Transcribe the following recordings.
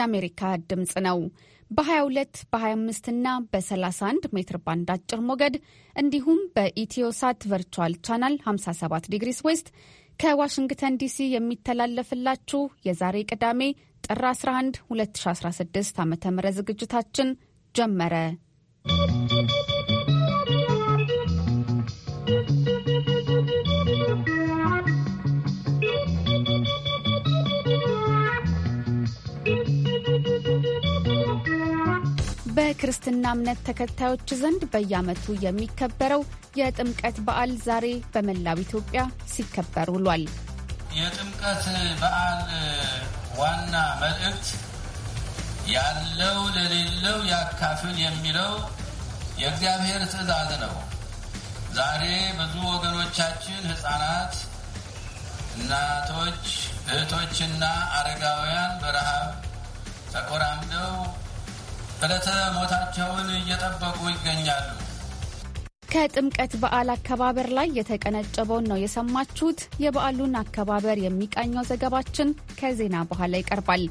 የአሜሪካ ድምፅ ነው። በ22 በ25 እና በ31 ሜትር ባንድ አጭር ሞገድ እንዲሁም በኢትዮሳት ቨርቹዋል ቻናል 57 ዲግሪስ ዌስት ከዋሽንግተን ዲሲ የሚተላለፍላችሁ የዛሬ ቅዳሜ ጥር 11 2016 ዓ ም ዝግጅታችን ጀመረ። የክርስትና እምነት ተከታዮች ዘንድ በየዓመቱ የሚከበረው የጥምቀት በዓል ዛሬ በመላው ኢትዮጵያ ሲከበር ውሏል። የጥምቀት በዓል ዋና መልእክት ያለው ለሌለው ያካፍል የሚለው የእግዚአብሔር ትእዛዝ ነው። ዛሬ ብዙ ወገኖቻችን ሕፃናት፣ እናቶች፣ እህቶችና አረጋውያን በረሃብ ተቆራምደው ዕለተ ሞታቸውን እየጠበቁ ይገኛሉ። ከጥምቀት በዓል አከባበር ላይ የተቀነጨበውን ነው የሰማችሁት። የበዓሉን አከባበር የሚቃኘው ዘገባችን ከዜና በኋላ ይቀርባል።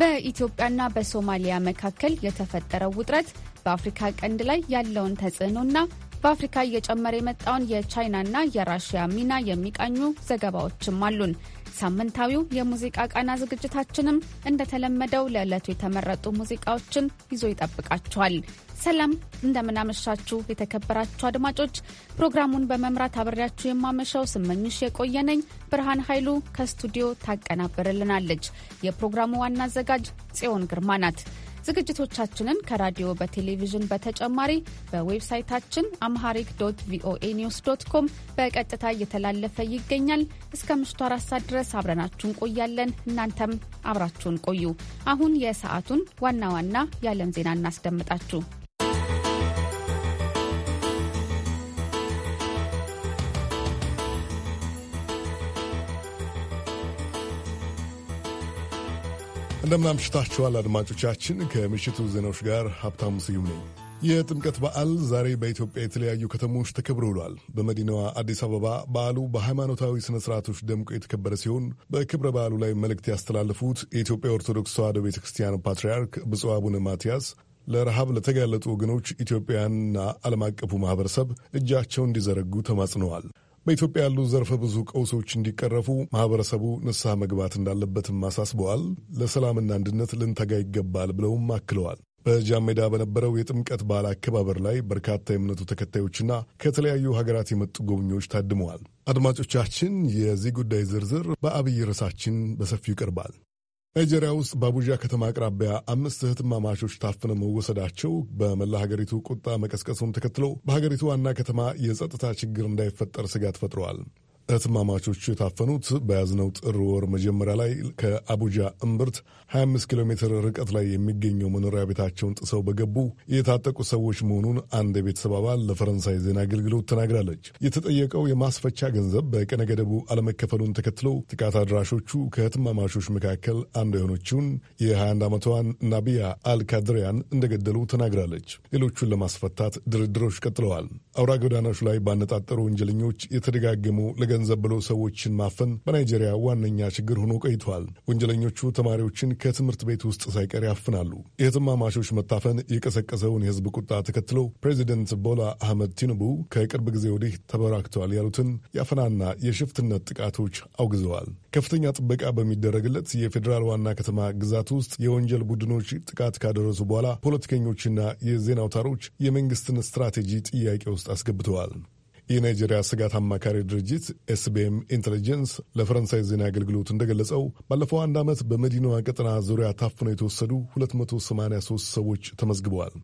በኢትዮጵያና በሶማሊያ መካከል የተፈጠረው ውጥረት በአፍሪካ ቀንድ ላይ ያለውን ተጽዕኖና በአፍሪካ እየጨመረ የመጣውን የቻይናና የራሽያ ሚና የሚቃኙ ዘገባዎችም አሉን። ሳምንታዊው የሙዚቃ ቃና ዝግጅታችንም እንደተለመደው ለዕለቱ የተመረጡ ሙዚቃዎችን ይዞ ይጠብቃችኋል። ሰላም እንደምናመሻችሁ፣ የተከበራችሁ አድማጮች። ፕሮግራሙን በመምራት አብሬያችሁ የማመሻው ስመኝሽ የቆየነኝ ብርሃን ኃይሉ ከስቱዲዮ ታቀናበርልናለች። የፕሮግራሙ ዋና አዘጋጅ ጽዮን ግርማ ናት። ዝግጅቶቻችንን ከራዲዮ በቴሌቪዥን በተጨማሪ በዌብሳይታችን አምሃሪክ ዶት ቪኦኤ ኒውስ ዶት ኮም በቀጥታ እየተላለፈ ይገኛል። እስከ ምሽቱ አራት ሰዓት ድረስ አብረናችሁን ቆያለን። እናንተም አብራችሁን ቆዩ። አሁን የሰዓቱን ዋና ዋና የዓለም ዜና እናስደምጣችሁ። እንደምናምሽታችኋል አድማጮቻችን። ከምሽቱ ዜናዎች ጋር ሀብታሙ ስዩም ነኝ። የጥምቀት በዓል ዛሬ በኢትዮጵያ የተለያዩ ከተሞች ተከብሮ ውሏል። በመዲናዋ አዲስ አበባ በዓሉ በሃይማኖታዊ ሥነ ሥርዓቶች ደምቆ የተከበረ ሲሆን በክብረ በዓሉ ላይ መልእክት ያስተላለፉት የኢትዮጵያ ኦርቶዶክስ ተዋሕዶ ቤተ ክርስቲያን ፓትርያርክ ብፁዕ አቡነ ማትያስ ለረሃብ ለተጋለጡ ወገኖች ኢትዮጵያንና ዓለም አቀፉ ማህበረሰብ እጃቸውን እንዲዘረጉ ተማጽነዋል። በኢትዮጵያ ያሉ ዘርፈ ብዙ ቀውሶች እንዲቀረፉ ማህበረሰቡ ንስሐ መግባት እንዳለበትም አሳስበዋል። ለሰላምና አንድነት ልንተጋ ይገባል ብለውም አክለዋል። በጃሜዳ በነበረው የጥምቀት በዓል አከባበር ላይ በርካታ የእምነቱ ተከታዮችና ከተለያዩ ሀገራት የመጡ ጎብኚዎች ታድመዋል። አድማጮቻችን፣ የዚህ ጉዳይ ዝርዝር በአብይ ርዕሳችን በሰፊው ይቀርባል። ናይጄሪያ ውስጥ በአቡጃ ከተማ አቅራቢያ አምስት እህትማማቾች ታፍነው መወሰዳቸው በመላ ሀገሪቱ ቁጣ መቀስቀሱን ተከትሎ በሀገሪቱ ዋና ከተማ የጸጥታ ችግር እንዳይፈጠር ስጋት ፈጥረዋል። እህትማማቾቹ የታፈኑት በያዝነው ጥር ወር መጀመሪያ ላይ ከአቡጃ እምብርት 25 ኪሎ ሜትር ርቀት ላይ የሚገኘው መኖሪያ ቤታቸውን ጥሰው በገቡ የታጠቁ ሰዎች መሆኑን አንድ የቤተሰብ አባል ለፈረንሳይ ዜና አገልግሎት ተናግራለች። የተጠየቀው የማስፈቻ ገንዘብ በቀነ ገደቡ አለመከፈሉን ተከትሎ ጥቃት አድራሾቹ ከእህትማማቾች መካከል አንዱ የሆነችውን የ21 ዓመቷን ናቢያ አልካድሪያን እንደገደሉ ተናግራለች። ሌሎቹን ለማስፈታት ድርድሮች ቀጥለዋል። አውራ ጎዳናዎች ላይ ባነጣጠሩ ወንጀለኞች የተደጋገሙ ገንዘብ ብለው ሰዎችን ማፈን በናይጄሪያ ዋነኛ ችግር ሆኖ ቆይተዋል። ወንጀለኞቹ ተማሪዎችን ከትምህርት ቤት ውስጥ ሳይቀር ያፍናሉ። የትማማሾች መታፈን የቀሰቀሰውን የህዝብ ቁጣ ተከትሎ ፕሬዚደንት ቦላ አህመድ ቲኑቡ ከቅርብ ጊዜ ወዲህ ተበራክተዋል ያሉትን የአፈናና የሽፍትነት ጥቃቶች አውግዘዋል። ከፍተኛ ጥበቃ በሚደረግለት የፌዴራል ዋና ከተማ ግዛት ውስጥ የወንጀል ቡድኖች ጥቃት ካደረሱ በኋላ ፖለቲከኞችና የዜና አውታሮች የመንግስትን ስትራቴጂ ጥያቄ ውስጥ አስገብተዋል። የናይጄሪያ ስጋት አማካሪ ድርጅት ኤስቢኤም ኢንቴሊጀንስ ለፈረንሳይ ዜና አገልግሎት እንደገለጸው ባለፈው አንድ ዓመት በመዲናዋ ቀጠና ዙሪያ ታፍነው የተወሰዱ 283 ሰዎች ተመዝግበዋል።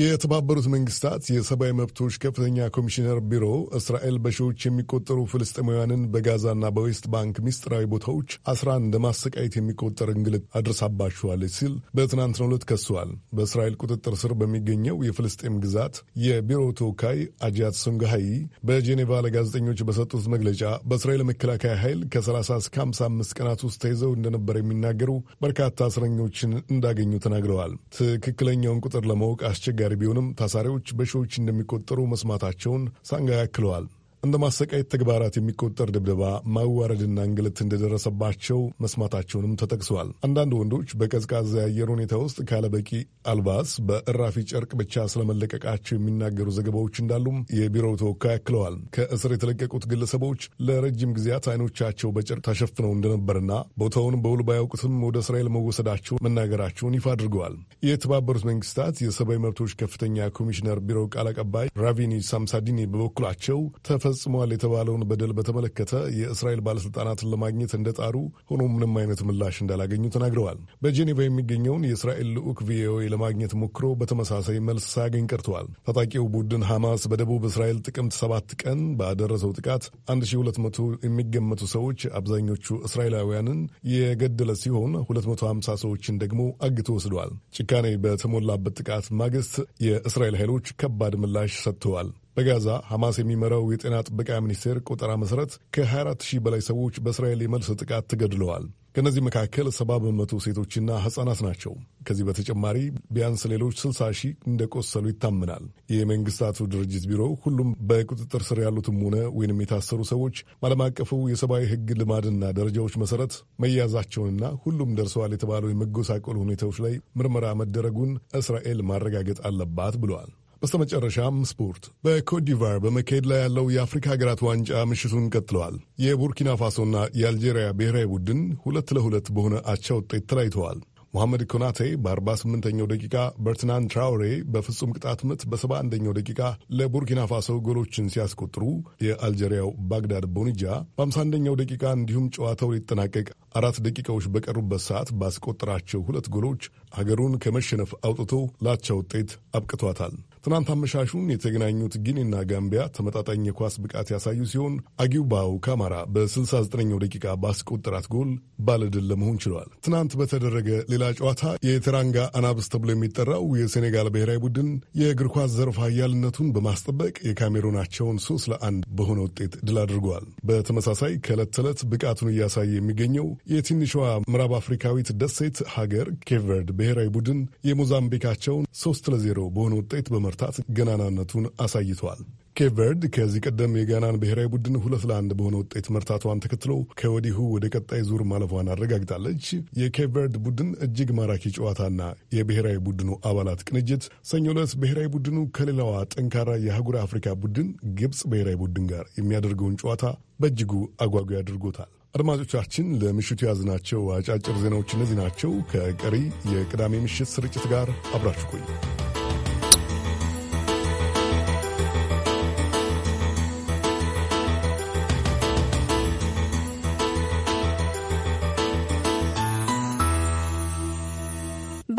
የተባበሩት መንግስታት የሰብአዊ መብቶች ከፍተኛ ኮሚሽነር ቢሮ እስራኤል በሺዎች የሚቆጠሩ ፍልስጤማውያንን በጋዛና በዌስት ባንክ ምስጢራዊ ቦታዎች አስራ እንደ ማሰቃየት የሚቆጠር እንግልት አድርሳባቸዋለች ሲል በትናንትናው ዕለት ከሰዋል። በእስራኤል ቁጥጥር ስር በሚገኘው የፍልስጤም ግዛት የቢሮ ተወካይ አጃት ሱንግሃይ በጄኔቫ ለጋዜጠኞች በሰጡት መግለጫ በእስራኤል መከላከያ ኃይል ከ30 እስከ 55 ቀናት ውስጥ ተይዘው እንደነበር የሚናገሩ በርካታ እስረኞችን እንዳገኙ ተናግረዋል። ትክክለኛውን ቁጥር ለማወቅ አስቸጋ። አነጋጋሪ ቢሆንም ታሳሪዎች በሺዎች እንደሚቆጠሩ መስማታቸውን ሳንጋ ያክለዋል። እንደ ማሰቃየት ተግባራት የሚቆጠር ድብደባ፣ ማዋረድና እንግልት እንደደረሰባቸው መስማታቸውንም ተጠቅሰዋል። አንዳንድ ወንዶች በቀዝቃዛ የአየር ሁኔታ ውስጥ ካለበቂ አልባስ በእራፊ ጨርቅ ብቻ ስለመለቀቃቸው የሚናገሩ ዘገባዎች እንዳሉም የቢሮው ተወካይ አክለዋል። ከእስር የተለቀቁት ግለሰቦች ለረጅም ጊዜያት አይኖቻቸው በጨርቅ ተሸፍነው እንደነበርና ቦታውን በውል ባያውቁትም ወደ እስራኤል መወሰዳቸው መናገራቸውን ይፋ አድርገዋል። የተባበሩት መንግስታት የሰብአዊ መብቶች ከፍተኛ ኮሚሽነር ቢሮ ቃል አቀባይ ራቪኒ ሳምሳዲኒ በበኩላቸው ተፈ ተፈጽሟል የተባለውን በደል በተመለከተ የእስራኤል ባለሥልጣናትን ለማግኘት እንደጣሩ ሆኖ ምንም አይነት ምላሽ እንዳላገኙ ተናግረዋል። በጄኔቫ የሚገኘውን የእስራኤል ልዑክ ቪኦኤ ለማግኘት ሞክሮ በተመሳሳይ መልስ ሳያገኝ ቀርተዋል። ታጣቂው ቡድን ሐማስ በደቡብ እስራኤል ጥቅምት ሰባት ቀን ባደረሰው ጥቃት 1200 የሚገመቱ ሰዎች አብዛኞቹ እስራኤላውያንን የገደለ ሲሆን 250 ሰዎችን ደግሞ አግቶ ወስደዋል። ጭካኔ በተሞላበት ጥቃት ማግስት የእስራኤል ኃይሎች ከባድ ምላሽ ሰጥተዋል። በጋዛ ሐማስ የሚመራው የጤና ጥበቃ ሚኒስቴር ቆጠራ መሠረት ከ24 ሺህ በላይ ሰዎች በእስራኤል የመልስ ጥቃት ተገድለዋል። ከእነዚህ መካከል ሰባ በመቶ ሴቶችና ሕፃናት ናቸው። ከዚህ በተጨማሪ ቢያንስ ሌሎች ስልሳ ሺህ እንደቆሰሉ ይታመናል። የመንግስታቱ ድርጅት ቢሮ ሁሉም በቁጥጥር ስር ያሉትም ሆነ ወይንም የታሰሩ ሰዎች ዓለም አቀፉ የሰብአዊ ሕግ ልማድና ደረጃዎች መሠረት መያዛቸውንና ሁሉም ደርሰዋል የተባለው የመጎሳቆል ሁኔታዎች ላይ ምርመራ መደረጉን እስራኤል ማረጋገጥ አለባት ብለዋል። በስተ መጨረሻም ስፖርት። በኮትዲቫር በመካሄድ ላይ ያለው የአፍሪካ ሀገራት ዋንጫ ምሽቱን ቀጥለዋል። የቡርኪና ፋሶና የአልጄሪያ ብሔራዊ ቡድን ሁለት ለሁለት በሆነ አቻ ውጤት ተለያይተዋል። ሞሐመድ ኮናቴ በ48ኛው ደቂቃ፣ በርትናን ትራውሬ በፍጹም ቅጣት ምት በ71ኛው ደቂቃ ለቡርኪና ፋሶ ጎሎችን ሲያስቆጥሩ የአልጄሪያው ባግዳድ ቦኒጃ በ51ኛው ደቂቃ እንዲሁም ጨዋታው ሊጠናቀቅ አራት ደቂቃዎች በቀሩበት ሰዓት ባስቆጠራቸው ሁለት ጎሎች ሀገሩን ከመሸነፍ አውጥቶ ላቻ ውጤት አብቅቷታል። ትናንት አመሻሹን የተገናኙት ጊኒና ጋምቢያ ተመጣጣኝ የኳስ ብቃት ያሳዩ ሲሆን አጊውባው ካማራ በ69ኛው ደቂቃ ባስቆጠራት ጎል ባለድል ለመሆን ችሏል። ትናንት በተደረገ ሌላ ጨዋታ የተራንጋ አናብስ ተብሎ የሚጠራው የሴኔጋል ብሔራዊ ቡድን የእግር ኳስ ዘርፍ ኃያልነቱን በማስጠበቅ የካሜሩናቸውን ሶስት ለአንድ በሆነ ውጤት ድል አድርገዋል። በተመሳሳይ ከዕለት ተዕለት ብቃቱን እያሳየ የሚገኘው የትንሿ ምዕራብ አፍሪካዊት ደሴት ሀገር ኬቨርድ ብሔራዊ ቡድን የሞዛምቢካቸውን ሶስት ለዜሮ በሆነ ውጤት በመር ለመፍታት ገናናነቱን አሳይተዋል። ኬቨርድ ከዚህ ቀደም የጋናን ብሔራዊ ቡድን ሁለት ለአንድ በሆነ ውጤት መርታቷን ተከትሎ ከወዲሁ ወደ ቀጣይ ዙር ማለፏን አረጋግጣለች። የኬቨርድ ቡድን እጅግ ማራኪ ጨዋታና የብሔራዊ ቡድኑ አባላት ቅንጅት ሰኞ ዕለት ብሔራዊ ቡድኑ ከሌላዋ ጠንካራ የአህጉረ አፍሪካ ቡድን ግብፅ ብሔራዊ ቡድን ጋር የሚያደርገውን ጨዋታ በእጅጉ አጓጉ አድርጎታል። አድማጮቻችን ለምሽቱ የያዝናቸው አጫጭር ዜናዎች እነዚህ ናቸው። ከቀሪ የቅዳሜ ምሽት ስርጭት ጋር አብራችሁ ቆዩ።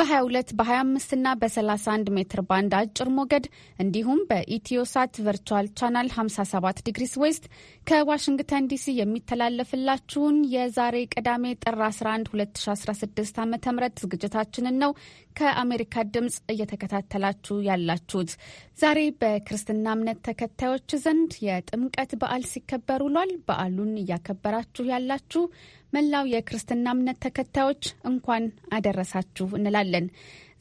በ22 በ25 እና በ31 ሜትር ባንድ አጭር ሞገድ እንዲሁም በኢትዮሳት ቨርቹዋል ቻናል 57 ዲግሪስ ዌስት ከዋሽንግተን ዲሲ የሚተላለፍላችሁን የዛሬ ቅዳሜ ጥር 11 2016 ዓ ም ዝግጅታችንን ነው ከአሜሪካ ድምፅ እየተከታተላችሁ ያላችሁት። ዛሬ በክርስትና እምነት ተከታዮች ዘንድ የጥምቀት በዓል ሲከበር ውሏል። በዓሉን እያከበራችሁ ያላችሁ መላው የክርስትና እምነት ተከታዮች እንኳን አደረሳችሁ እንላለን።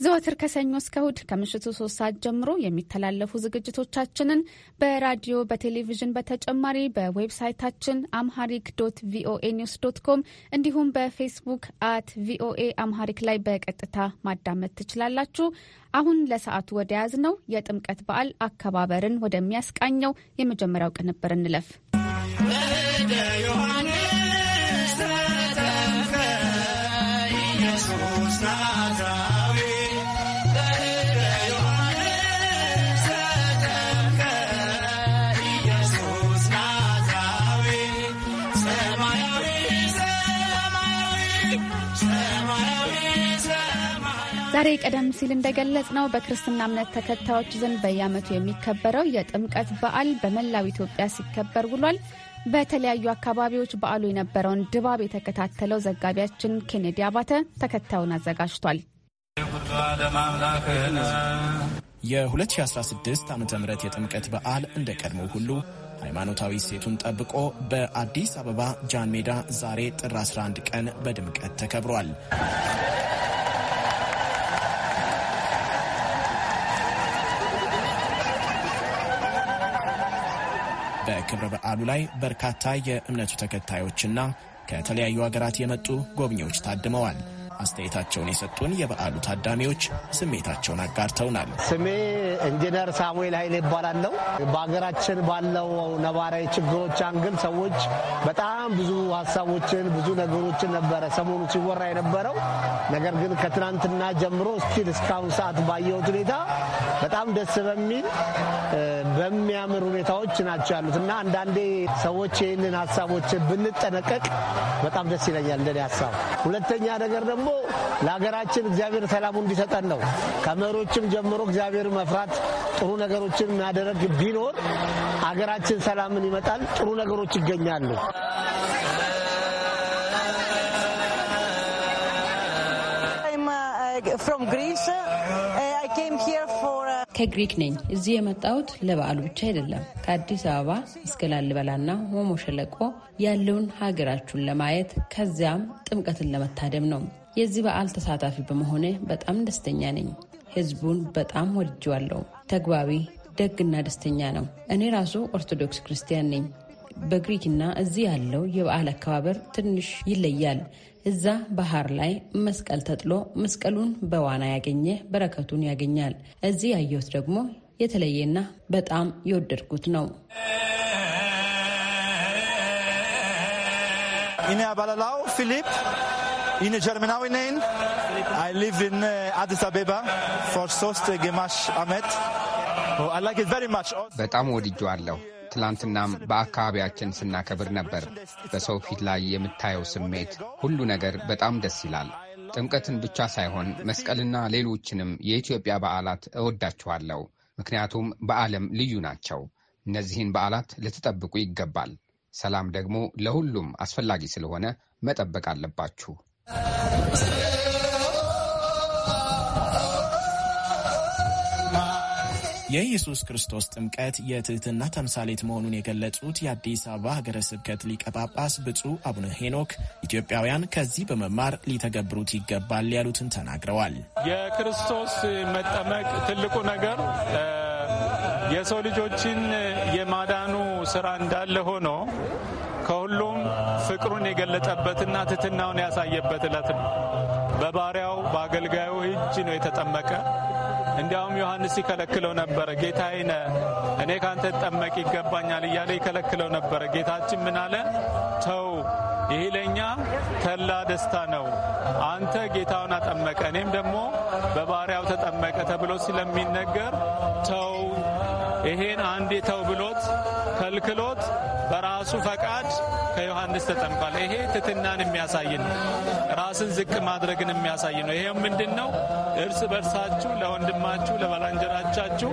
ዘወትር ከሰኞ እስከ እሁድ ከምሽቱ ሶስት ሰዓት ጀምሮ የሚተላለፉ ዝግጅቶቻችንን በራዲዮ በቴሌቪዥን በተጨማሪ በዌብሳይታችን አምሃሪክ ዶት ቪኦኤ ኒውስ ዶት ኮም እንዲሁም በፌስቡክ አት ቪኦኤ አምሃሪክ ላይ በቀጥታ ማዳመጥ ትችላላችሁ። አሁን ለሰዓቱ ወደ ያዝ ነው የጥምቀት በዓል አከባበርን ወደሚያስቃኘው የመጀመሪያው ቅንብር እንለፍ። ዮሐንስ ዛሬ ቀደም ሲል እንደገለጽ ነው በክርስትና እምነት ተከታዮች ዘንድ በየዓመቱ የሚከበረው የጥምቀት በዓል በመላው ኢትዮጵያ ሲከበር ውሏል። በተለያዩ አካባቢዎች በዓሉ የነበረውን ድባብ የተከታተለው ዘጋቢያችን ኬኔዲ አባተ ተከታዩን አዘጋጅቷል። የ2016 ዓ ም የጥምቀት በዓል እንደ ቀድሞ ሁሉ ሃይማኖታዊ ሴቱን ጠብቆ በአዲስ አበባ ጃን ሜዳ ዛሬ ጥር 11 ቀን በድምቀት ተከብሯል። በክብረ በዓሉ ላይ በርካታ የእምነቱ ተከታዮችና ከተለያዩ ሀገራት የመጡ ጎብኚዎች ታድመዋል። አስተያየታቸውን የሰጡን የበዓሉ ታዳሚዎች ስሜታቸውን አጋርተውናል። ስሜ ኢንጂነር ሳሙኤል ኃይሌ ይባላለው። በሀገራችን ባለው ነባራዊ ችግሮች አንግል ሰዎች በጣም ብዙ ሀሳቦችን ብዙ ነገሮችን ነበረ ሰሞኑ ሲወራ የነበረው። ነገር ግን ከትናንትና ጀምሮ ስቲል እስካሁን ሰዓት ባየሁት ሁኔታ በጣም ደስ በሚል በሚያምር ሁኔታዎች ናቸው ያሉት እና አንዳንዴ ሰዎች ይህንን ሀሳቦችን ብንጠነቀቅ በጣም ደስ ይለኛል እንደኔ ሀሳብ። ሁለተኛ ነገር ደግሞ ደግሞ ለሀገራችን እግዚአብሔር ሰላሙ እንዲሰጠን ነው። ከመሪዎችም ጀምሮ እግዚአብሔር መፍራት ጥሩ ነገሮችን የሚያደረግ ቢኖር አገራችን ሰላምን ይመጣል፣ ጥሩ ነገሮች ይገኛሉ። uh, uh, uh, ከግሪክ ነኝ። እዚህ የመጣሁት ለበዓሉ ብቻ አይደለም። ከአዲስ አበባ እስከ ላሊበላና ሆሞ ሸለቆ ያለውን ሀገራችሁን ለማየት ከዚያም ጥምቀትን ለመታደም ነው። የዚህ በዓል ተሳታፊ በመሆኔ በጣም ደስተኛ ነኝ። ህዝቡን በጣም ወድጀዋለሁ። ተግባቢ፣ ደግና ደስተኛ ነው። እኔ ራሱ ኦርቶዶክስ ክርስቲያን ነኝ። በግሪክና እዚህ ያለው የበዓል አከባበር ትንሽ ይለያል። እዛ ባህር ላይ መስቀል ተጥሎ መስቀሉን በዋና ያገኘ በረከቱን ያገኛል። እዚህ ያየሁት ደግሞ የተለየና በጣም የወደድኩት ነው። እኔ አባላላው ፊሊፕ In Ain. I live in uh, Addis Abeba for ሶስት ግማሽ ዓመት። በጣም ወድጄዋለሁ። ትላንትናም በአካባቢያችን ስናከብር ነበር። በሰው ፊት ላይ የምታየው ስሜት፣ ሁሉ ነገር በጣም ደስ ይላል። ጥምቀትን ብቻ ሳይሆን መስቀልና ሌሎችንም የኢትዮጵያ በዓላት እወዳችኋለሁ። ምክንያቱም በዓለም ልዩ ናቸው። እነዚህን በዓላት ልትጠብቁ ይገባል። ሰላም ደግሞ ለሁሉም አስፈላጊ ስለሆነ መጠበቅ አለባችሁ። የኢየሱስ ክርስቶስ ጥምቀት የትህትና ተምሳሌት መሆኑን የገለጹት የአዲስ አበባ ሀገረ ስብከት ሊቀ ጳጳስ ብፁዕ አቡነ ሄኖክ ኢትዮጵያውያን ከዚህ በመማር ሊተገብሩት ይገባል ያሉትን ተናግረዋል። የክርስቶስ መጠመቅ ትልቁ ነገር የሰው ልጆችን የማዳኑ ስራ እንዳለ ሆኖ ከሁሉም ፍቅሩን የገለጠበትና ትህትናውን ያሳየበት ዕለት ነው። በባሪያው በአገልጋዩ እጅ ነው የተጠመቀ እንዲያውም ዮሐንስ ይከለክለው ነበረ። ጌታዬን እኔ ካንተ ጠመቅ ይገባኛል እያለ ይከለክለው ነበረ። ጌታችን ምን አለ? ተው ይህ ለእኛ ተላ ደስታ ነው። አንተ ጌታውን አጠመቀ፣ እኔም ደግሞ በባሪያው ተጠመቀ ተብሎ ስለሚነገር ተው ይሄን አንዴ ተው ብሎት ከልክሎት በራሱ ፈቃድ ከዮሐንስ ተጠምቋል። ይሄ ትትናን የሚያሳይ ነው። ራስን ዝቅ ማድረግን የሚያሳይ ነው። ይሄም ምንድን ነው? እርስ በርሳችሁ ለወንድማችሁ ለባላንጀራቻችሁ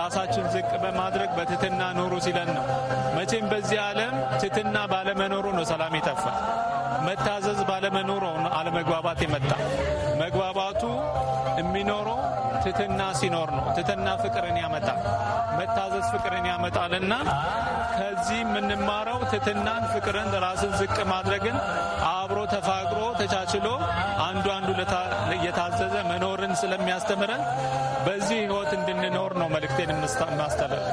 ራሳችሁን ዝቅ በማድረግ በትትና ኑሩ ሲለን ነው። መቼም በዚህ ዓለም ትትና ባለመኖሩ ነው ሰላም የጠፋ መታዘዝ ባለመኖሩ አለመግባባት የመጣ መግባባቱ የሚኖረው ትትና ሲኖር ነው። ትትና ፍቅርን ያመጣል። መታዘዝ ፍቅርን ያመጣል እና ከዚህ የምንማረው ትትናን፣ ፍቅርን፣ ራስን ዝቅ ማድረግን፣ አብሮ ተፋቅሮ ተቻችሎ አንዱ አንዱ እየታዘዘ መኖርን ስለሚያስተምረን በዚህ ህይወት እንድንኖር ነው መልእክቴን ማስተላለፍ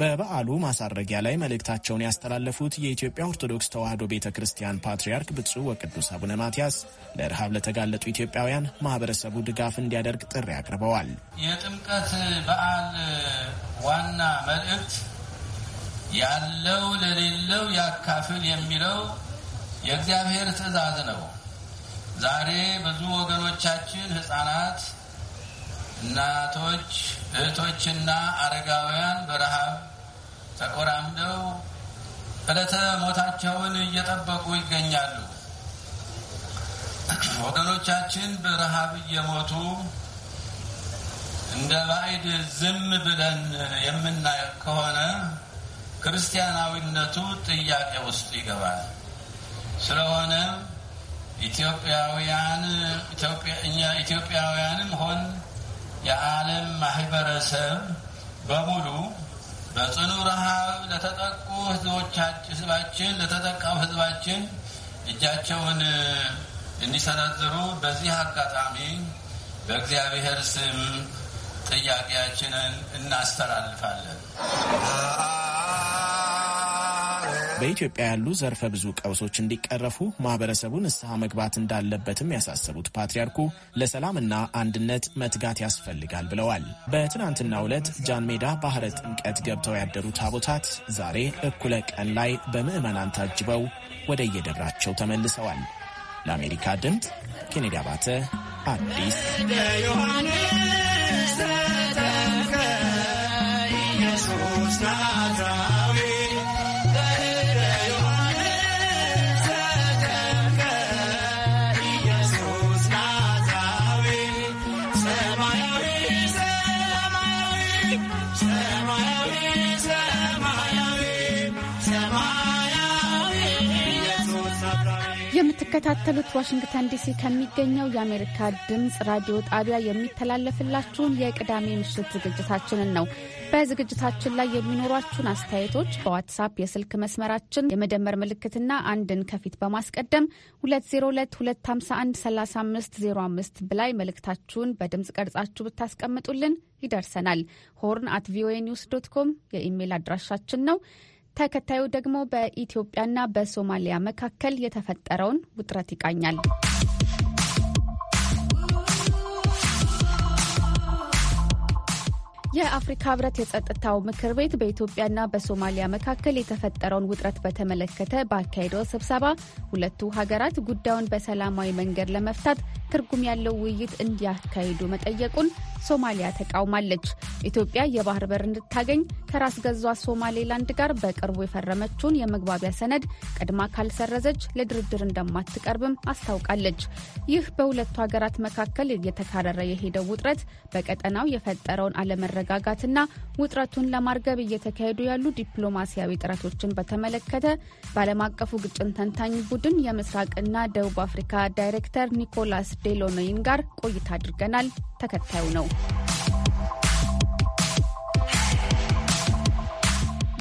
በበዓሉ ማሳረጊያ ላይ መልእክታቸውን ያስተላለፉት የኢትዮጵያ ኦርቶዶክስ ተዋሕዶ ቤተ ክርስቲያን ፓትርያርክ ብፁዕ ወቅዱስ አቡነ ማትያስ ለረሃብ ለተጋለጡ ኢትዮጵያውያን ማህበረሰቡ ድጋፍ እንዲያደርግ ጥሪ አቅርበዋል። የጥምቀት በዓል ዋና መልእክት ያለው ለሌለው ያካፍል የሚለው የእግዚአብሔር ትእዛዝ ነው። ዛሬ ብዙ ወገኖቻችን ህፃናት እናቶች፣ እህቶችና አረጋውያን በረሃብ ተቆራምደው ዕለተ ሞታቸውን እየጠበቁ ይገኛሉ። ወገኖቻችን በረሃብ እየሞቱ እንደ ባዕድ ዝም ብለን የምናየው ከሆነ ክርስቲያናዊነቱ ጥያቄ ውስጥ ይገባል። ስለሆነ ኢትዮጵያውያን ኢትዮጵያውያንም ሆን የዓለም ማህበረሰብ በሙሉ በጽኑ ረሃብ ለተጠቁ ህዝባችን ለተጠቃው ህዝባችን እጃቸውን እንዲሰነዝሩ በዚህ አጋጣሚ በእግዚአብሔር ስም ጥያቄያችንን እናስተላልፋለን። በኢትዮጵያ ያሉ ዘርፈ ብዙ ቀውሶች እንዲቀረፉ ማህበረሰቡ ንስሐ መግባት እንዳለበትም ያሳሰቡት ፓትርያርኩ ለሰላምና አንድነት መትጋት ያስፈልጋል ብለዋል። በትናንትናው ዕለት ጃን ሜዳ ባህረ ጥምቀት ገብተው ያደሩ ታቦታት ዛሬ እኩለ ቀን ላይ በምዕመናን ታጅበው ወደ የደብራቸው ተመልሰዋል። ለአሜሪካ ድምፅ ኬኔዲ አባተ አዲስ ዮሐንስ የምትከታተሉት ዋሽንግተን ዲሲ ከሚገኘው የአሜሪካ ድምፅ ራዲዮ ጣቢያ የሚተላለፍላችሁን የቅዳሜ ምሽት ዝግጅታችንን ነው። በዝግጅታችን ላይ የሚኖሯችሁን አስተያየቶች በዋትሳፕ የስልክ መስመራችን የመደመር ምልክትና አንድን ከፊት በማስቀደም 2022513505 ብላይ መልእክታችሁን በድምፅ ቀርጻችሁ ብታስቀምጡልን ይደርሰናል። ሆርን አት ቪኦኤ ኒውስ ዶት ኮም የኢሜይል አድራሻችን ነው። ተከታዩ ደግሞ በኢትዮጵያና በሶማሊያ መካከል የተፈጠረውን ውጥረት ይቃኛል። የአፍሪካ ህብረት የጸጥታው ምክር ቤት በኢትዮጵያና በሶማሊያ መካከል የተፈጠረውን ውጥረት በተመለከተ ባካሄደው ስብሰባ ሁለቱ ሀገራት ጉዳዩን በሰላማዊ መንገድ ለመፍታት ትርጉም ያለው ውይይት እንዲያካሂዱ መጠየቁን ሶማሊያ ተቃውማለች። ኢትዮጵያ የባህር በር እንድታገኝ ከራስ ገዟ ሶማሌላንድ ጋር በቅርቡ የፈረመችውን የመግባቢያ ሰነድ ቀድማ ካልሰረዘች ለድርድር እንደማትቀርብም አስታውቃለች። ይህ በሁለቱ ሀገራት መካከል እየተካረረ የሄደው ውጥረት በቀጠናው የፈጠረውን አለመረጋጋትና ውጥረቱን ለማርገብ እየተካሄዱ ያሉ ዲፕሎማሲያዊ ጥረቶችን በተመለከተ በዓለም አቀፉ ግጭት ተንታኝ ቡድን የምስራቅና ደቡብ አፍሪካ ዳይሬክተር ኒኮላስ ዴሎኖይን ጋር ቆይታ አድርገናል። ተከታዩ ነው።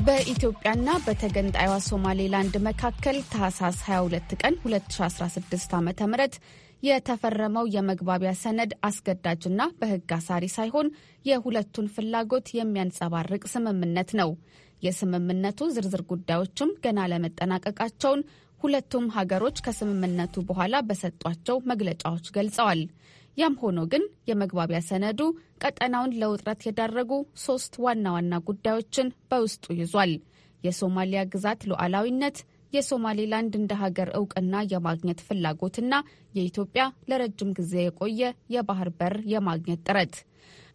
በኢትዮጵያና በተገንጣይዋ ሶማሌላንድ መካከል ታህሳስ 22 ቀን 2016 ዓ ም የተፈረመው የመግባቢያ ሰነድ አስገዳጅና በሕግ አሳሪ ሳይሆን የሁለቱን ፍላጎት የሚያንጸባርቅ ስምምነት ነው። የስምምነቱ ዝርዝር ጉዳዮችም ገና ለመጠናቀቃቸውን ሁለቱም ሀገሮች ከስምምነቱ በኋላ በሰጧቸው መግለጫዎች ገልጸዋል። ያም ሆኖ ግን የመግባቢያ ሰነዱ ቀጠናውን ለውጥረት የዳረጉ ሶስት ዋና ዋና ጉዳዮችን በውስጡ ይዟል። የሶማሊያ ግዛት ሉዓላዊነት፣ የሶማሌላንድ እንደ ሀገር እውቅና የማግኘት ፍላጎትና የኢትዮጵያ ለረጅም ጊዜ የቆየ የባህር በር የማግኘት ጥረት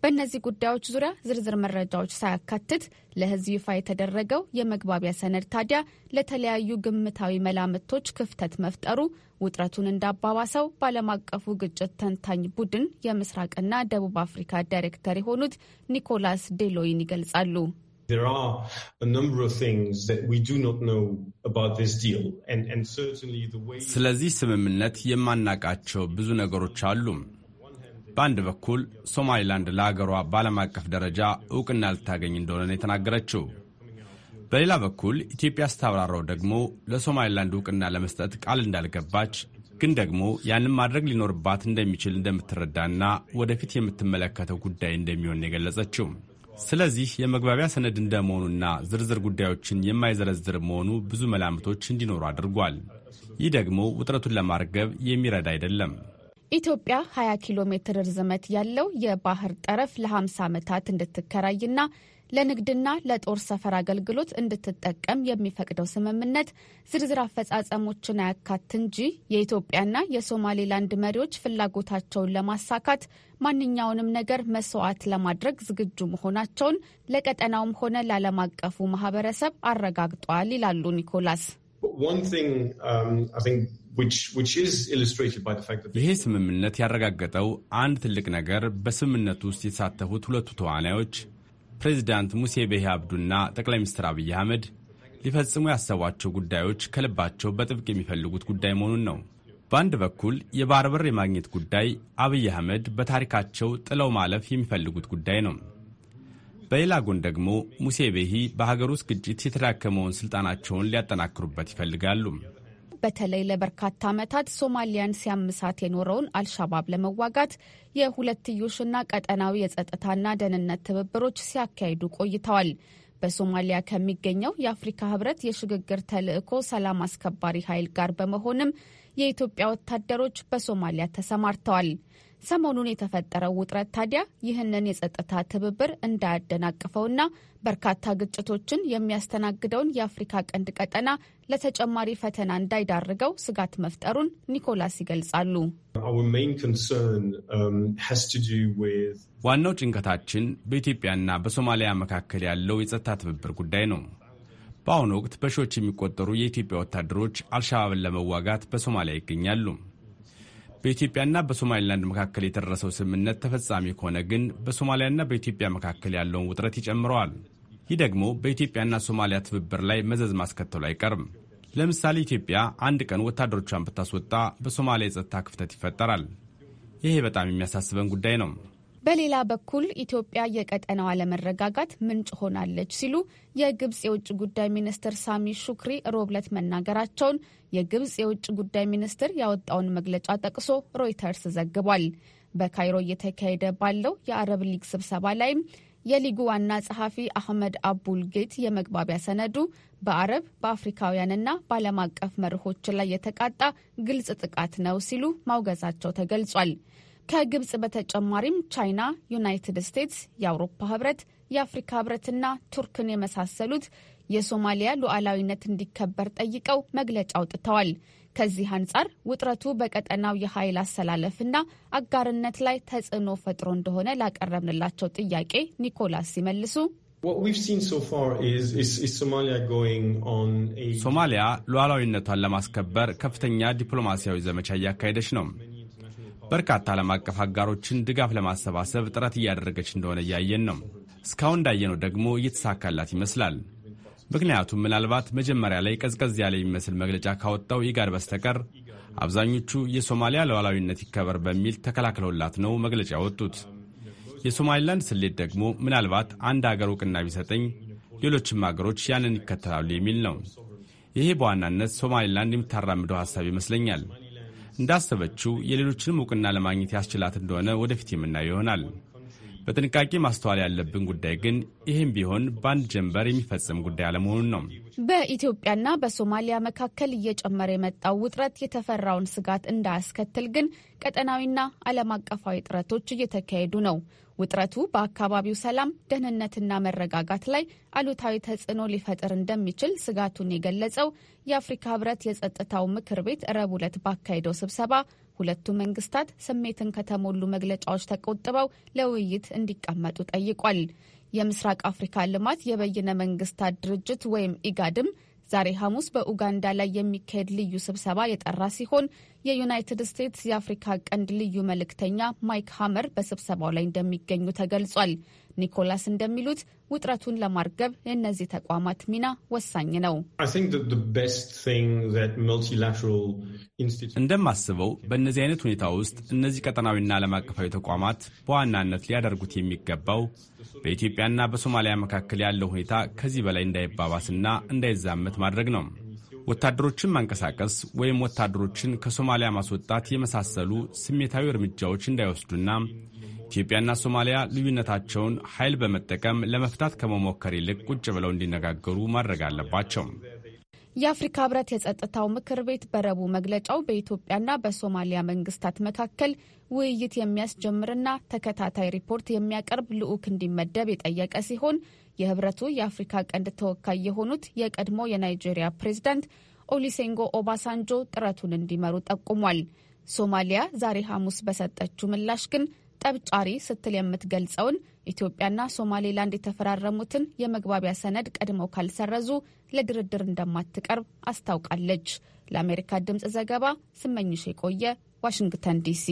በእነዚህ ጉዳዮች ዙሪያ ዝርዝር መረጃዎች ሳያካትት ለሕዝብ ይፋ የተደረገው የመግባቢያ ሰነድ ታዲያ ለተለያዩ ግምታዊ መላምቶች ክፍተት መፍጠሩ ውጥረቱን እንዳባባሰው በዓለም አቀፉ ግጭት ተንታኝ ቡድን የምስራቅና ደቡብ አፍሪካ ዳይሬክተር የሆኑት ኒኮላስ ዴሎይን ይገልጻሉ። ስለዚህ ስምምነት የማናቃቸው ብዙ ነገሮች አሉም። በአንድ በኩል ሶማሊላንድ ለአገሯ በዓለም አቀፍ ደረጃ እውቅና ልታገኝ እንደሆነ ነው የተናገረችው። በሌላ በኩል ኢትዮጵያ ስታብራራው ደግሞ ለሶማሊላንድ እውቅና ለመስጠት ቃል እንዳልገባች ግን ደግሞ ያንን ማድረግ ሊኖርባት እንደሚችል እንደምትረዳና ወደፊት የምትመለከተው ጉዳይ እንደሚሆን የገለጸችው። ስለዚህ የመግባቢያ ሰነድ እንደመሆኑና ዝርዝር ጉዳዮችን የማይዘረዝር መሆኑ ብዙ መላምቶች እንዲኖሩ አድርጓል። ይህ ደግሞ ውጥረቱን ለማርገብ የሚረዳ አይደለም። ኢትዮጵያ 20 ኪሎ ሜትር ርዝመት ያለው የባህር ጠረፍ ለ50 ዓመታት እንድትከራይና ለንግድና ለጦር ሰፈር አገልግሎት እንድትጠቀም የሚፈቅደው ስምምነት ዝርዝር አፈጻጸሞችን አያካት እንጂ የኢትዮጵያና የሶማሌላንድ መሪዎች ፍላጎታቸውን ለማሳካት ማንኛውንም ነገር መስዋዕት ለማድረግ ዝግጁ መሆናቸውን ለቀጠናውም ሆነ ለዓለም አቀፉ ማህበረሰብ አረጋግጧል ይላሉ ኒኮላስ። ይሄ ስምምነት ያረጋገጠው አንድ ትልቅ ነገር በስምምነቱ ውስጥ የተሳተፉት ሁለቱ ተዋናዮች ፕሬዚዳንት ሙሴ ቤሂ አብዱና ጠቅላይ ሚኒስትር አብይ አህመድ ሊፈጽሙ ያሰቧቸው ጉዳዮች ከልባቸው በጥብቅ የሚፈልጉት ጉዳይ መሆኑን ነው። በአንድ በኩል የባህር በር የማግኘት ጉዳይ አብይ አህመድ በታሪካቸው ጥለው ማለፍ የሚፈልጉት ጉዳይ ነው። በሌላ ጎን ደግሞ ሙሴ ቤሂ በሀገር ውስጥ ግጭት የተዳከመውን ሥልጣናቸውን ሊያጠናክሩበት ይፈልጋሉ። በተለይ ለበርካታ ዓመታት ሶማሊያን ሲያምሳት የኖረውን አልሻባብ ለመዋጋት የሁለትዮሽና ቀጠናዊ የጸጥታና ደህንነት ትብብሮች ሲያካሂዱ ቆይተዋል። በሶማሊያ ከሚገኘው የአፍሪካ ህብረት የሽግግር ተልዕኮ ሰላም አስከባሪ ኃይል ጋር በመሆንም የኢትዮጵያ ወታደሮች በሶማሊያ ተሰማርተዋል። ሰሞኑን የተፈጠረው ውጥረት ታዲያ ይህንን የጸጥታ ትብብር እንዳያደናቅፈውና በርካታ ግጭቶችን የሚያስተናግደውን የአፍሪካ ቀንድ ቀጠና ለተጨማሪ ፈተና እንዳይዳርገው ስጋት መፍጠሩን ኒኮላስ ይገልጻሉ። um, ዋናው ጭንቀታችን በኢትዮጵያና በሶማሊያ መካከል ያለው የጸጥታ ትብብር ጉዳይ ነው። በአሁኑ ወቅት በሺዎች የሚቆጠሩ የኢትዮጵያ ወታደሮች አልሸባብን ለመዋጋት በሶማሊያ ይገኛሉ። በኢትዮጵያና በሶማሊላንድ መካከል የተደረሰው ስምምነት ተፈጻሚ ከሆነ ግን በሶማሊያና በኢትዮጵያ መካከል ያለውን ውጥረት ይጨምረዋል። ይህ ደግሞ በኢትዮጵያና ሶማሊያ ትብብር ላይ መዘዝ ማስከተሉ አይቀርም። ለምሳሌ ኢትዮጵያ አንድ ቀን ወታደሮቿን ብታስወጣ በሶማሊያ የጸጥታ ክፍተት ይፈጠራል። ይሄ በጣም የሚያሳስበን ጉዳይ ነው። በሌላ በኩል ኢትዮጵያ የቀጠናው አለመረጋጋት ምንጭ ሆናለች ሲሉ የግብጽ የውጭ ጉዳይ ሚኒስትር ሳሚ ሹክሪ ሮብለት መናገራቸውን የግብጽ የውጭ ጉዳይ ሚኒስትር ያወጣውን መግለጫ ጠቅሶ ሮይተርስ ዘግቧል። በካይሮ እየተካሄደ ባለው የአረብ ሊግ ስብሰባ ላይም የሊጉ ዋና ጸሐፊ አህመድ አቡል ጌት የመግባቢያ ሰነዱ በአረብ በአፍሪካውያንና በዓለም አቀፍ መርሆች ላይ የተቃጣ ግልጽ ጥቃት ነው ሲሉ ማውገዛቸው ተገልጿል። ከግብጽ በተጨማሪም ቻይና፣ ዩናይትድ ስቴትስ፣ የአውሮፓ ህብረት፣ የአፍሪካ ህብረትና ቱርክን የመሳሰሉት የሶማሊያ ሉዓላዊነት እንዲከበር ጠይቀው መግለጫ አውጥተዋል። ከዚህ አንጻር ውጥረቱ በቀጠናው የኃይል አሰላለፍና አጋርነት ላይ ተጽዕኖ ፈጥሮ እንደሆነ ላቀረብንላቸው ጥያቄ ኒኮላስ ሲመልሱ ሶማሊያ ሉዓላዊነቷን ለማስከበር ከፍተኛ ዲፕሎማሲያዊ ዘመቻ እያካሄደች ነው። በርካታ ዓለም አቀፍ አጋሮችን ድጋፍ ለማሰባሰብ ጥረት እያደረገች እንደሆነ እያየን ነው። እስካሁን እንዳየነው ደግሞ እየተሳካላት ይመስላል። ምክንያቱም ምናልባት መጀመሪያ ላይ ቀዝቀዝ ያለ የሚመስል መግለጫ ካወጣው ኢጋድ በስተቀር አብዛኞቹ የሶማሊያ ሉዓላዊነት ይከበር በሚል ተከላክለውላት ነው መግለጫ ያወጡት። የሶማሊላንድ ስሌት ደግሞ ምናልባት አንድ አገር እውቅና ቢሰጠኝ ሌሎችም አገሮች ያንን ይከተላሉ የሚል ነው። ይሄ በዋናነት ሶማሊላንድ የምታራምደው ሐሳብ ይመስለኛል። እንዳሰበችው የሌሎችንም እውቅና ለማግኘት ያስችላት እንደሆነ ወደፊት የምናየው ይሆናል። በጥንቃቄ ማስተዋል ያለብን ጉዳይ ግን ይህም ቢሆን በአንድ ጀንበር የሚፈጸም ጉዳይ አለመሆኑን ነው። በኢትዮጵያና በሶማሊያ መካከል እየጨመረ የመጣው ውጥረት የተፈራውን ስጋት እንዳያስከትል ግን ቀጠናዊና ዓለም አቀፋዊ ጥረቶች እየተካሄዱ ነው። ውጥረቱ በአካባቢው ሰላም፣ ደህንነትና መረጋጋት ላይ አሉታዊ ተጽዕኖ ሊፈጥር እንደሚችል ስጋቱን የገለጸው የአፍሪካ ህብረት የጸጥታው ምክር ቤት ረቡዕ ዕለት ባካሄደው ስብሰባ ሁለቱ መንግስታት ስሜትን ከተሞሉ መግለጫዎች ተቆጥበው ለውይይት እንዲቀመጡ ጠይቋል። የምስራቅ አፍሪካ ልማት የበይነ መንግስታት ድርጅት ወይም ኢጋድም ዛሬ ሐሙስ በኡጋንዳ ላይ የሚካሄድ ልዩ ስብሰባ የጠራ ሲሆን የዩናይትድ ስቴትስ የአፍሪካ ቀንድ ልዩ መልእክተኛ ማይክ ሀመር በስብሰባው ላይ እንደሚገኙ ተገልጿል። ኒኮላስ እንደሚሉት ውጥረቱን ለማርገብ የእነዚህ ተቋማት ሚና ወሳኝ ነው። እንደማስበው በእነዚህ አይነት ሁኔታ ውስጥ እነዚህ ቀጠናዊና ዓለም አቀፋዊ ተቋማት በዋናነት ሊያደርጉት የሚገባው በኢትዮጵያና በሶማሊያ መካከል ያለው ሁኔታ ከዚህ በላይ እንዳይባባስና እንዳይዛመት ማድረግ ነው። ወታደሮችን ማንቀሳቀስ ወይም ወታደሮችን ከሶማሊያ ማስወጣት የመሳሰሉ ስሜታዊ እርምጃዎች እንዳይወስዱና ኢትዮጵያና ሶማሊያ ልዩነታቸውን ኃይል በመጠቀም ለመፍታት ከመሞከር ይልቅ ቁጭ ብለው እንዲነጋገሩ ማድረግ አለባቸው። የአፍሪካ ህብረት የጸጥታው ምክር ቤት በረቡ መግለጫው በኢትዮጵያና በሶማሊያ መንግስታት መካከል ውይይት የሚያስጀምርና ተከታታይ ሪፖርት የሚያቀርብ ልዑክ እንዲመደብ የጠየቀ ሲሆን የህብረቱ የአፍሪካ ቀንድ ተወካይ የሆኑት የቀድሞ የናይጄሪያ ፕሬዝዳንት ኦሊሴንጎ ኦባሳንጆ ጥረቱን እንዲመሩ ጠቁሟል። ሶማሊያ ዛሬ ሐሙስ በሰጠችው ምላሽ ግን ጠብጫሪ ስትል የምትገልጸውን ኢትዮጵያና ሶማሌላንድ የተፈራረሙትን የመግባቢያ ሰነድ ቀድመው ካልሰረዙ ለድርድር እንደማትቀርብ አስታውቃለች። ለአሜሪካ ድምፅ ዘገባ ስመኝሽ የቆየ ዋሽንግተን ዲሲ።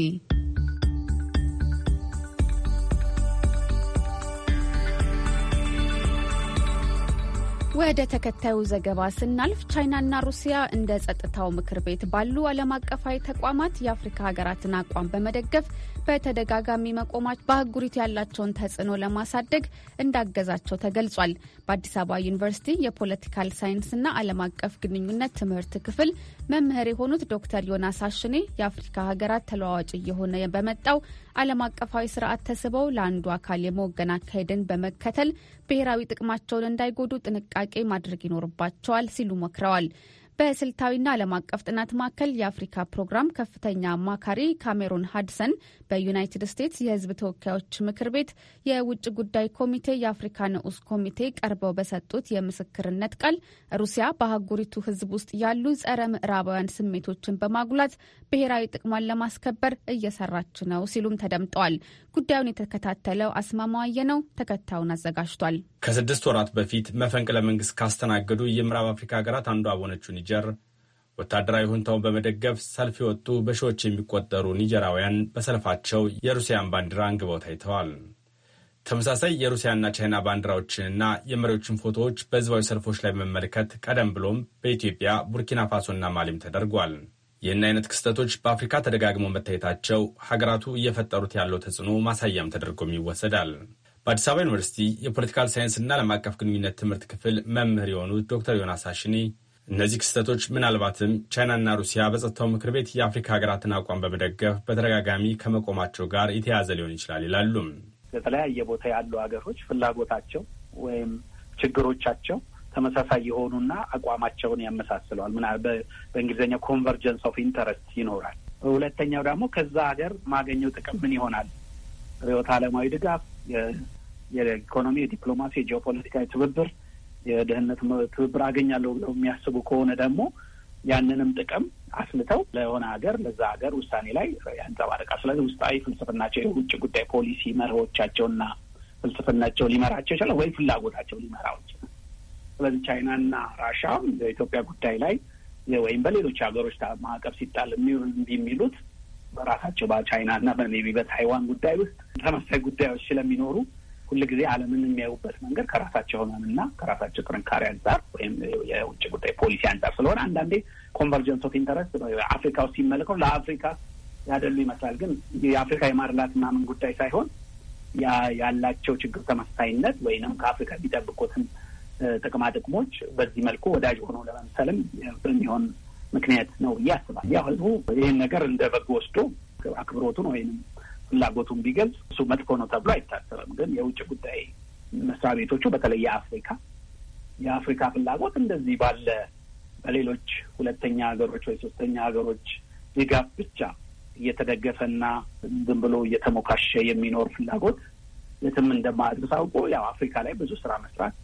ወደ ተከታዩ ዘገባ ስናልፍ ቻይናና ሩሲያ እንደ ጸጥታው ምክር ቤት ባሉ ዓለም አቀፋዊ ተቋማት የአፍሪካ ሀገራትን አቋም በመደገፍ በተደጋጋሚ መቆማች በአህጉሪቱ ያላቸውን ተጽዕኖ ለማሳደግ እንዳገዛቸው ተገልጿል። በአዲስ አበባ ዩኒቨርሲቲ የፖለቲካል ሳይንስና ዓለም አቀፍ ግንኙነት ትምህርት ክፍል መምህር የሆኑት ዶክተር ዮናስ አሽኔ የአፍሪካ ሀገራት ተለዋዋጭ እየሆነ በመጣው ዓለም አቀፋዊ ስርዓት ተስበው ለአንዱ አካል የመወገን አካሄድን በመከተል ብሔራዊ ጥቅማቸውን እንዳይጎዱ ጥንቃቄ ማድረግ ይኖርባቸዋል ሲሉ መክረዋል። በስልታዊና ዓለም አቀፍ ጥናት ማዕከል የአፍሪካ ፕሮግራም ከፍተኛ አማካሪ ካሜሩን ሀድሰን በዩናይትድ ስቴትስ የሕዝብ ተወካዮች ምክር ቤት የውጭ ጉዳይ ኮሚቴ የአፍሪካ ንዑስ ኮሚቴ ቀርበው በሰጡት የምስክርነት ቃል ሩሲያ በአህጉሪቱ ሕዝብ ውስጥ ያሉ ጸረ ምዕራባውያን ስሜቶችን በማጉላት ብሔራዊ ጥቅሟን ለማስከበር እየሰራች ነው ሲሉም ተደምጠዋል። ጉዳዩን የተከታተለው አስማማዋየ ነው፣ ተከታዩን አዘጋጅቷል። ከስድስት ወራት በፊት መፈንቅለ መንግስት ካስተናገዱ የምዕራብ አፍሪካ ሀገራት አንዷ በሆነችው ኒጀር ወታደራዊ ሁንታውን በመደገፍ ሰልፍ የወጡ በሺዎች የሚቆጠሩ ኒጀራውያን በሰልፋቸው የሩሲያን ባንዲራ አንግበው ታይተዋል። ተመሳሳይ የሩሲያና ቻይና ባንዲራዎችንና የመሪዎችን ፎቶዎች በህዝባዊ ሰልፎች ላይ መመልከት ቀደም ብሎም በኢትዮጵያ፣ ቡርኪና ፋሶና ማሊም ተደርጓል። ይህን አይነት ክስተቶች በአፍሪካ ተደጋግመው መታየታቸው ሀገራቱ እየፈጠሩት ያለው ተጽዕኖ ማሳያም ተደርጎም ይወሰዳል። በአዲስ አበባ ዩኒቨርሲቲ የፖለቲካል ሳይንስና ዓለም አቀፍ ግንኙነት ትምህርት ክፍል መምህር የሆኑት ዶክተር ዮናስ አሽኔ እነዚህ ክስተቶች ምናልባትም ቻይናና ሩሲያ በጸጥታው ምክር ቤት የአፍሪካ ሀገራትን አቋም በመደገፍ በተደጋጋሚ ከመቆማቸው ጋር የተያያዘ ሊሆን ይችላል ይላሉም። በተለያየ ቦታ ያሉ ሀገሮች ፍላጎታቸው ወይም ችግሮቻቸው ተመሳሳይ የሆኑና አቋማቸውን ያመሳስለዋል። ምና በእንግሊዝኛ ኮንቨርጀንስ ኦፍ ኢንተረስት ይኖራል። ሁለተኛው ደግሞ ከዛ ሀገር ማገኘው ጥቅም ምን ይሆናል? ርዕዮተ ዓለማዊ ድጋፍ፣ የኢኮኖሚ፣ የዲፕሎማሲ፣ የጂኦፖለቲካዊ ትብብር የደህንነት ትብብር አገኛለሁ ብለው የሚያስቡ ከሆነ ደግሞ ያንንም ጥቅም አስልተው ለሆነ ሀገር ለዛ ሀገር ውሳኔ ላይ ያንጸባርቃል። ስለዚህ ውስጣዊ ፍልስፍናቸው የውጭ ጉዳይ ፖሊሲ መርሆቻቸውና ፍልስፍናቸው ሊመራቸው ይችላል ወይም ፍላጎታቸው ሊመራው ይችላል። ስለዚህ ቻይናና ራሻ በኢትዮጵያ ጉዳይ ላይ ወይም በሌሎች ሀገሮች ማዕቀብ ሲጣል የሚሉት በራሳቸው በቻይናና በታይዋን ጉዳይ ውስጥ ተመሳሳይ ጉዳዮች ስለሚኖሩ ጊዜ ዓለምን የሚያዩበት መንገድ ከራሳቸው ሕመምና ከራሳቸው ጥንካሬ አንጻር ወይም የውጭ ጉዳይ ፖሊሲ አንጻር ስለሆነ አንዳንዴ ኮንቨርጀንስ ኦፍ ኢንተረስት አፍሪካ ውስጥ ሲመለከው ለአፍሪካ ያደሉ ይመስላል። ግን የአፍሪካ የማርላት ምናምን ጉዳይ ሳይሆን ያላቸው ችግር ተመሳሳይነት ወይንም ከአፍሪካ የሚጠብቁትን ጥቅማ ጥቅሞች በዚህ መልኩ ወዳጅ ሆነው ለመምሰልም የሚሆን ምክንያት ነው ብዬ አስባል። ያው ህዝቡ ይህን ነገር እንደ በግ ወስዶ አክብሮቱን ወይንም ፍላጎቱን ቢገልጽ እሱ መጥፎ ነው ተብሎ አይታሰብም። ግን የውጭ ጉዳይ መስሪያ ቤቶቹ በተለይ የአፍሪካ የአፍሪካ ፍላጎት እንደዚህ ባለ በሌሎች ሁለተኛ ሀገሮች ወይ ሶስተኛ ሀገሮች ድጋፍ ብቻ እየተደገፈና ዝም ብሎ እየተሞካሸ የሚኖር ፍላጎት የትም እንደማያደርስ አውቆ ያው አፍሪካ ላይ ብዙ ስራ መስራት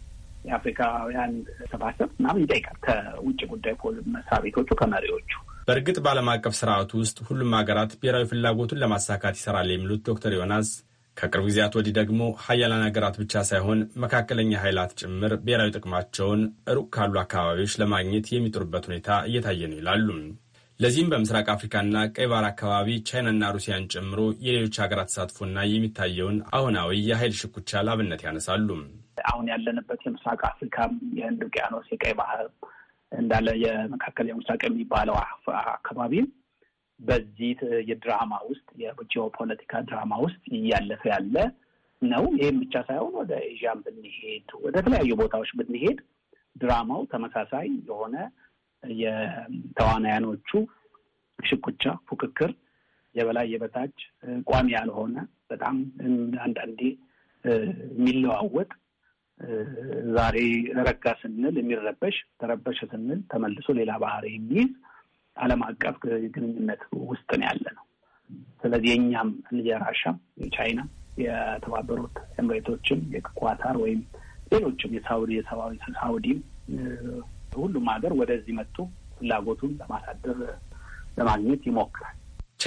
የአፍሪካውያን ተባሰብ ምናምን ይጠይቃል ከውጭ ጉዳይ መስሪያ ቤቶቹ ከመሪዎቹ በእርግጥ በዓለም አቀፍ ስርዓቱ ውስጥ ሁሉም ሀገራት ብሔራዊ ፍላጎቱን ለማሳካት ይሰራል የሚሉት ዶክተር ዮናስ ከቅርብ ጊዜያት ወዲህ ደግሞ ሀያላን ሀገራት ብቻ ሳይሆን መካከለኛ ኃይላት ጭምር ብሔራዊ ጥቅማቸውን ሩቅ ካሉ አካባቢዎች ለማግኘት የሚጥሩበት ሁኔታ እየታየ ነው ይላሉ። ለዚህም በምስራቅ አፍሪካና ቀይ ባህር አካባቢ ቻይናና ሩሲያን ጨምሮ የሌሎች ሀገራት ተሳትፎና የሚታየውን አሁናዊ የኃይል ሽኩቻ ላብነት ያነሳሉ። አሁን ያለንበት የምስራቅ አፍሪካም የህንድ ውቅያኖስ የቀይ ባህር እንዳለ የመካከል የምስራቅ የሚባለው አካባቢ በዚህ የድራማ ውስጥ የጂኦ ፖለቲካ ድራማ ውስጥ እያለፈ ያለ ነው። ይህም ብቻ ሳይሆን ወደ ኤዥያም ብንሄድ፣ ወደ ተለያዩ ቦታዎች ብንሄድ ድራማው ተመሳሳይ የሆነ የተዋናያኖቹ ሽኩቻ፣ ፉክክር፣ የበላይ የበታች ቋሚ ያልሆነ በጣም አንዳንዴ የሚለዋወጥ ዛሬ ረጋ ስንል የሚረበሽ ተረበሸ ስንል ተመልሶ ሌላ ባህሪ የሚይዝ ዓለም አቀፍ ግንኙነት ውስጥ ነው ያለ ነው። ስለዚህ የእኛም የራሻም፣ የቻይና፣ የተባበሩት ኤምሬቶችም፣ የኳታር ወይም ሌሎችም የሳውዲ የሰብአዊ ሁሉም ሀገር ወደዚህ መጥቶ ፍላጎቱን ለማሳደር ለማግኘት ይሞክራል።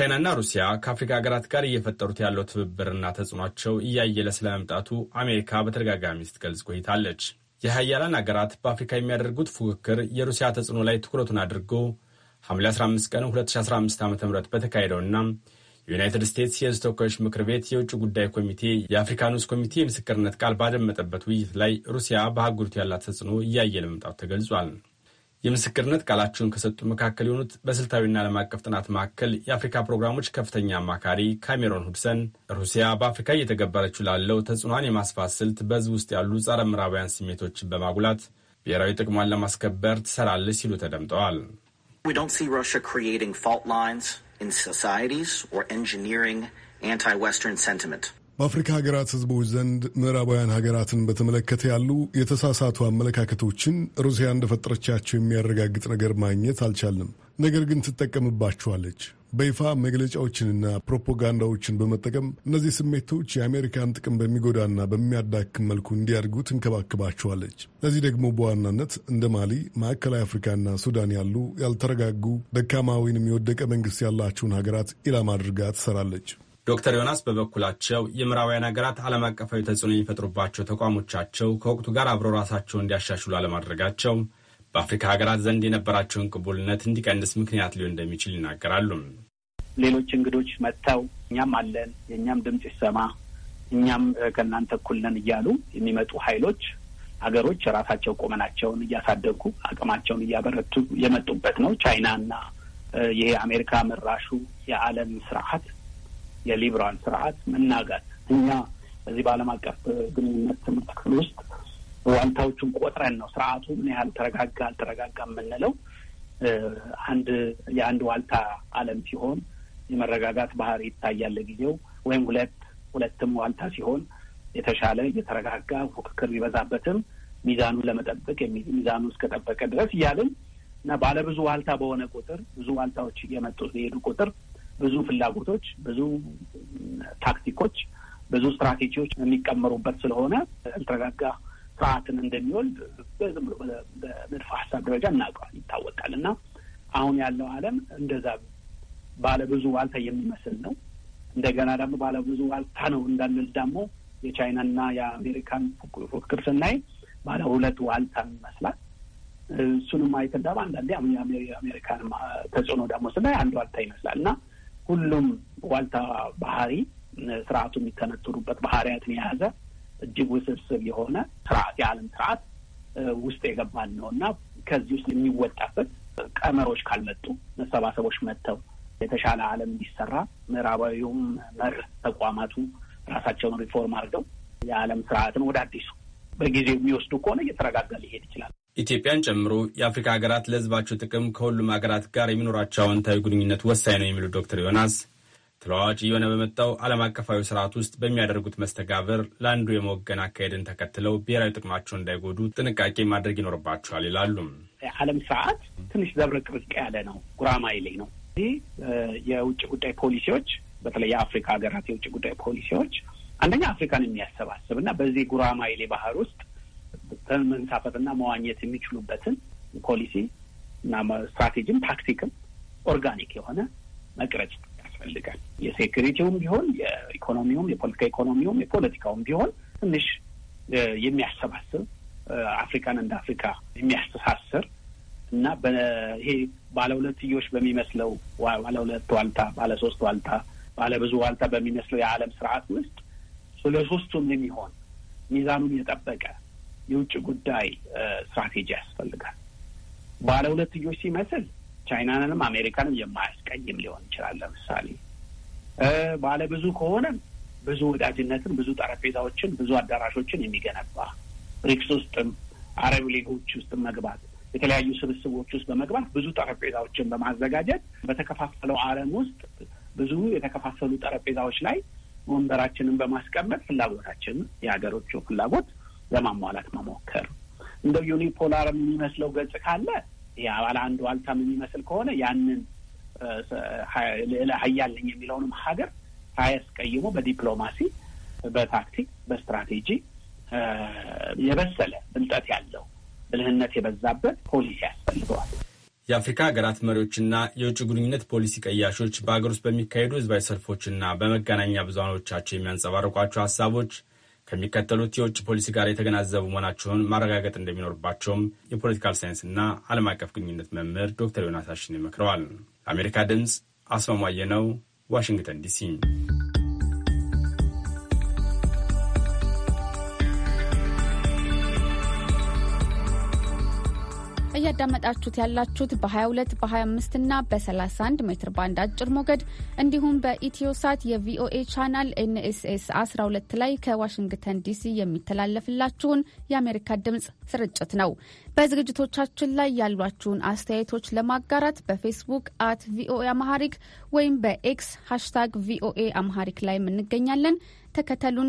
ቻይናና ሩሲያ ከአፍሪካ ሀገራት ጋር እየፈጠሩት ያለው ትብብርና ተጽዕኗቸው እያየለ ስለመምጣቱ አሜሪካ በተደጋጋሚ ስትገልጽ ቆይታለች። የሀያላን ሀገራት በአፍሪካ የሚያደርጉት ፉክክር የሩሲያ ተጽዕኖ ላይ ትኩረቱን አድርጎ ሐምሌ 15 ቀን 2015 ዓ ም በተካሄደውና የዩናይትድ ስቴትስ የሕዝብ ተወካዮች ምክር ቤት የውጭ ጉዳይ ኮሚቴ የአፍሪካ ንዑስ ኮሚቴ የምስክርነት ቃል ባደመጠበት ውይይት ላይ ሩሲያ በአህጉሪቱ ያላት ተጽዕኖ እያየለ መምጣቱ ተገልጿል። የምስክርነት ቃላቸውን ከሰጡ መካከል የሆኑት በስልታዊና ዓለም አቀፍ ጥናት ማዕከል የአፍሪካ ፕሮግራሞች ከፍተኛ አማካሪ ካሜሮን ሁድሰን ሩሲያ በአፍሪካ እየተገበረችው ላለው ተጽዕኗን የማስፋት ስልት በህዝብ ውስጥ ያሉ ጸረ ምዕራባውያን ስሜቶችን በማጉላት ብሔራዊ ጥቅሟን ለማስከበር ትሰራለች ሲሉ ተደምጠዋል። በአፍሪካ ሀገራት ህዝቦች ዘንድ ምዕራባውያን ሀገራትን በተመለከተ ያሉ የተሳሳቱ አመለካከቶችን ሩሲያ እንደፈጠረቻቸው የሚያረጋግጥ ነገር ማግኘት አልቻልንም። ነገር ግን ትጠቀምባቸዋለች። በይፋ መግለጫዎችንና ፕሮፓጋንዳዎችን በመጠቀም እነዚህ ስሜቶች የአሜሪካን ጥቅም በሚጎዳና በሚያዳክም መልኩ እንዲያድጉ ትንከባክባቸዋለች። ለዚህ ደግሞ በዋናነት እንደ ማሊ፣ ማዕከላዊ አፍሪካና ሱዳን ያሉ ያልተረጋጉ ደካማ ወይንም የወደቀ መንግስት ያላቸውን ሀገራት ኢላማ አድርጋ ትሰራለች። ዶክተር ዮናስ በበኩላቸው የምዕራባውያን ሀገራት ዓለም አቀፋዊ ተጽዕኖ የሚፈጥሩባቸው ተቋሞቻቸው ከወቅቱ ጋር አብረው ራሳቸውን እንዲያሻሽሉ አለማድረጋቸው በአፍሪካ ሀገራት ዘንድ የነበራቸውን ቅቡልነት እንዲቀንስ ምክንያት ሊሆን እንደሚችል ይናገራሉ። ሌሎች እንግዶች መጥተው እኛም አለን፣ የእኛም ድምፅ ይሰማ፣ እኛም ከእናንተ እኩል ነን እያሉ የሚመጡ ኃይሎች ሀገሮች ራሳቸው ቁመናቸውን እያሳደጉ አቅማቸውን እያበረቱ የመጡበት ነው። ቻይና እና ይሄ አሜሪካ መራሹ የዓለም ስርዓት የሊብራል ስርዓት መናጋት እኛ በዚህ በዓለም አቀፍ ግንኙነት ትምህርት ክፍል ውስጥ ዋልታዎቹን ቆጥረን ነው ስርዓቱ ምን ያህል ተረጋጋ አልተረጋጋ የምንለው። አንድ የአንድ ዋልታ ዓለም ሲሆን የመረጋጋት ባህሪ ይታያል ጊዜው ወይም ሁለት ሁለትም ዋልታ ሲሆን የተሻለ እየተረጋጋ ፉክክር ቢበዛበትም ሚዛኑ ለመጠበቅ ሚዛኑ እስከጠበቀ ድረስ እያልን እና ባለብዙ ዋልታ በሆነ ቁጥር ብዙ ዋልታዎች እየመጡ ሄዱ ቁጥር ብዙ ፍላጎቶች፣ ብዙ ታክቲኮች፣ ብዙ ስትራቴጂዎች የሚቀመሩበት ስለሆነ ያልተረጋጋ ስርዓትን እንደሚወልድ በዝም ብሎ በንድፈ ሀሳብ ደረጃ እናውቀዋል፣ ይታወቃል። እና አሁን ያለው ዓለም እንደዛ ባለ ብዙ ዋልታ የሚመስል ነው። እንደገና ደግሞ ባለ ብዙ ዋልታ ነው እንዳንል ደግሞ የቻይናና የአሜሪካን ፉክክር ስናይ ባለ ሁለት ዋልታ ይመስላል። እሱንም አይተን ደግሞ አንዳንዴ የአሜሪካን ተጽዕኖ ደግሞ ስናይ አንድ ዋልታ ይመስላል እና ሁሉም ዋልታ ባህሪ ስርዓቱ የሚተነትኑበት ባህሪያትን የያዘ እጅግ ውስብስብ የሆነ ስርዓት የዓለም ስርዓት ውስጥ የገባን ነው እና ከዚህ ውስጥ የሚወጣበት ቀመሮች ካልመጡ መሰባሰቦች መጥተው የተሻለ ዓለም እንዲሰራ ምዕራባዊውም መርህ ተቋማቱ ራሳቸውን ሪፎርም አድርገው የዓለም ስርዓትን ወደ አዲሱ በጊዜው የሚወስዱ ከሆነ እየተረጋጋ ሊሄድ ይችላል። ኢትዮጵያን ጨምሮ የአፍሪካ ሀገራት ለህዝባቸው ጥቅም ከሁሉም ሀገራት ጋር የሚኖራቸው አዎንታዊ ግንኙነት ወሳኝ ነው የሚሉት ዶክተር ዮናስ ተለዋዋጭ እየሆነ በመጣው ዓለም አቀፋዊ ስርዓት ውስጥ በሚያደርጉት መስተጋብር ለአንዱ የመወገን አካሄድን ተከትለው ብሔራዊ ጥቅማቸውን እንዳይጎዱ ጥንቃቄ ማድረግ ይኖርባቸዋል ይላሉ። የዓለም ስርዓት ትንሽ ዘብርቅርቅ ያለ ነው፣ ጉራማይሌ ነው። ይህ የውጭ ጉዳይ ፖሊሲዎች በተለይ የአፍሪካ ሀገራት የውጭ ጉዳይ ፖሊሲዎች አንደኛ አፍሪካን የሚያሰባስብ እና በዚህ ጉራማይሌ ባህር ውስጥ መንሳፈፍና መዋኘት የሚችሉበትን ፖሊሲ እና ስትራቴጂም ታክቲክም ኦርጋኒክ የሆነ መቅረጽ ያስፈልጋል። የሴኩሪቲውም ቢሆን የኢኮኖሚውም፣ የፖለቲካ ኢኮኖሚውም፣ የፖለቲካውም ቢሆን ትንሽ የሚያሰባስብ አፍሪካን እንደ አፍሪካ የሚያስተሳስር እና ይሄ ባለ ሁለትዮሽ በሚመስለው ባለ ሁለት ዋልታ፣ ባለ ሶስት ዋልታ፣ ባለ ብዙ ዋልታ በሚመስለው የዓለም ስርዓት ውስጥ ስለ ሶስቱም የሚሆን ሚዛኑን የጠበቀ የውጭ ጉዳይ ስትራቴጂ ያስፈልጋል። ባለ ሁለትዮሽ ሲመስል ቻይናንንም አሜሪካንም የማያስቀይም ሊሆን ይችላል። ለምሳሌ ባለ ብዙ ከሆነም ብዙ ወዳጅነትን፣ ብዙ ጠረጴዛዎችን፣ ብዙ አዳራሾችን የሚገነባ ብሪክስ ውስጥም አረብ ሊጎች ውስጥ መግባት የተለያዩ ስብስቦች ውስጥ በመግባት ብዙ ጠረጴዛዎችን በማዘጋጀት በተከፋፈለው ዓለም ውስጥ ብዙ የተከፋፈሉ ጠረጴዛዎች ላይ ወንበራችንን በማስቀመጥ ፍላጎታችን የሀገሮቹ ፍላጎት ለማሟላት መሞከር እንደው ዩኒፖላር የሚመስለው ገጽ ካለ የአባል አንዱ አልታም የሚመስል ከሆነ ያንን ሀያለኝ የሚለውንም ሀገር ሳያስቀይሞ በዲፕሎማሲ፣ በታክቲክ፣ በስትራቴጂ የበሰለ ብልጠት ያለው ብልህነት የበዛበት ፖሊሲ ያስፈልገዋል። የአፍሪካ ሀገራት መሪዎችና የውጭ ግንኙነት ፖሊሲ ቀያሾች በሀገር ውስጥ በሚካሄዱ ህዝባዊ ሰልፎችና በመገናኛ ብዙሃኖቻቸው የሚያንጸባርቋቸው ሀሳቦች ከሚከተሉት የውጭ ፖሊሲ ጋር የተገናዘቡ መሆናቸውን ማረጋገጥ እንደሚኖርባቸውም የፖለቲካል ሳይንስ እና ዓለም አቀፍ ግንኙነት መምህር ዶክተር ዮናስ አሽን ይመክረዋል። ለአሜሪካ ድምፅ አስማማየ ነው፣ ዋሽንግተን ዲሲ እያዳመጣችሁት ያላችሁት በ22 በ25 እና በ31 ሜትር ባንድ አጭር ሞገድ እንዲሁም በኢትዮሳት የቪኦኤ ቻናል ኤንኤስኤስ 12 ላይ ከዋሽንግተን ዲሲ የሚተላለፍላችሁን የአሜሪካ ድምፅ ስርጭት ነው። በዝግጅቶቻችን ላይ ያሏችሁን አስተያየቶች ለማጋራት በፌስቡክ አት ቪኦኤ አምሃሪክ ወይም በኤክስ ሃሽታግ ቪኦኤ አምሃሪክ ላይ እንገኛለን። ተከተሉን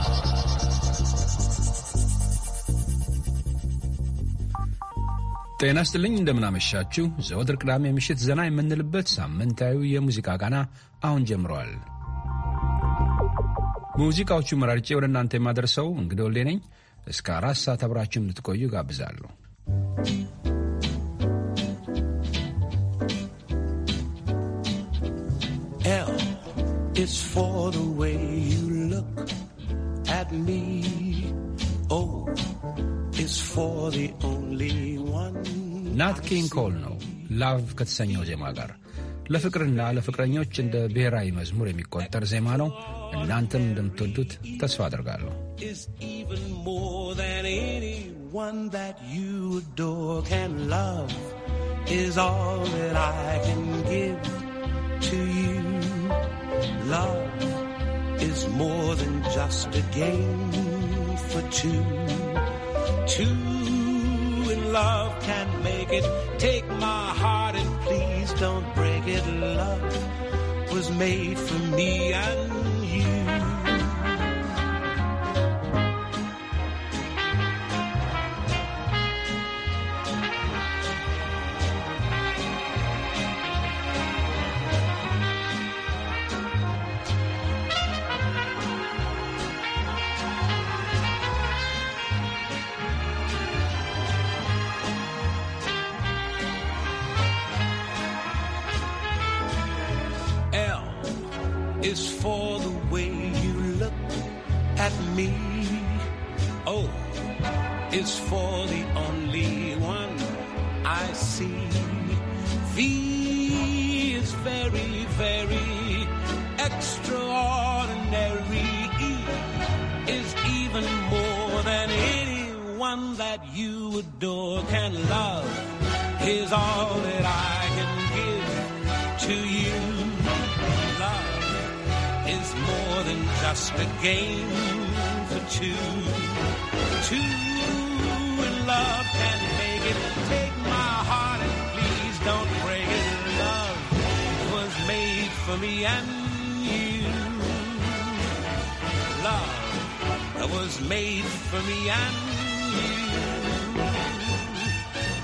ጤና ስጥልኝ እንደምናመሻችሁ። ዘወትር ቅዳሜ ምሽት ዘና የምንልበት ሳምንታዊ የሙዚቃ ቃና አሁን ጀምረዋል። ሙዚቃዎቹ መራርጬ ወደ እናንተ የማደርሰው እንግዲህ ወልዴ ነኝ። እስከ አራት ሰዓት አብራችሁ እንድትቆዩ ጋብዛለሁ። L is for the way you look at me O is for the only one. ናት ኪንግ ኮል ነው ላቭ ከተሰኘው ዜማ ጋር ለፍቅርና ለፍቅረኞች እንደ ብሔራዊ መዝሙር የሚቆጠር ዜማ ነው። እናንተም እንደምትወዱት ተስፋ አድርጋለሁ። Love is more than just a game for two. Two in love can not make it. Take my heart and please don't break it. Love was made for me and you. one that you adore can love is all that I can give to you. Love is more than just a game for two. Two in love can make it. Take my heart and please don't break it. Love was made for me and you. Love was made for me and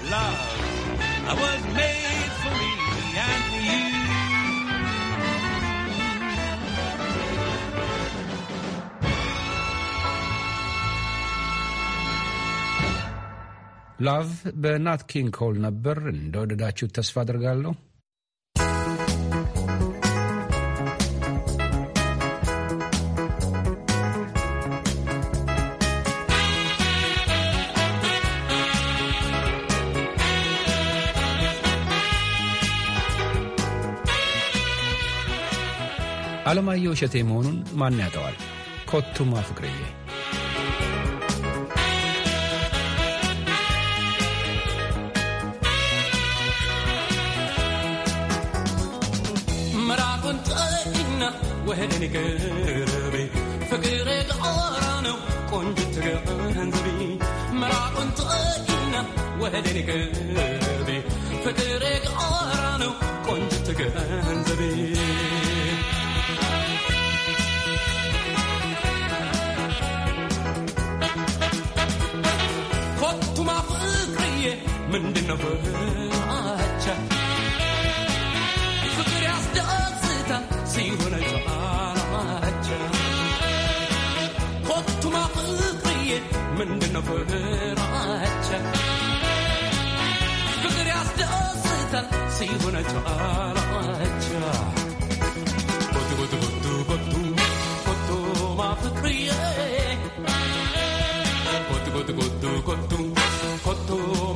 Love, I was made for me and for you. ላቭ በናት ኪንግ ኮል ነበር። እንደወደዳችሁ ተስፋ አድርጋለሁ። አለማየሁ እሸቴ መሆኑን ማን ያጠዋል? ኮቱማ ፍቅርዬ ምራቁን ጠይና ወደኔ ቅርቢ ፍቅሬ ጋራ ነው ቆንጆ ትገንዝቢ ምንድነው ፍቅራቻ ፍቅር ያስደስታ ሲሆነ ጨዋራማቻ ኮቱማ ፍቅርዬ ምንድነው ፍቅራቻ ፍቅር ያስደስታ ሲሆነ ጨዋራማቻ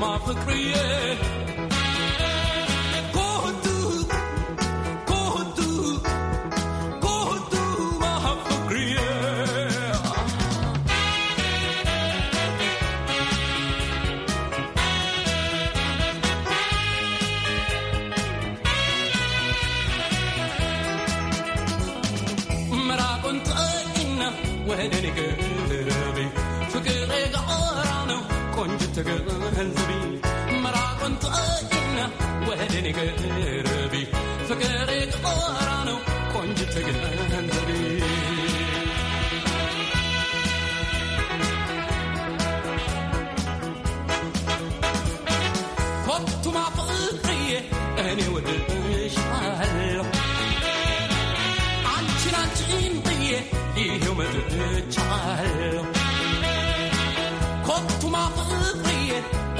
of the creator. هنزبي مرعبا طائرنا وهدني قرر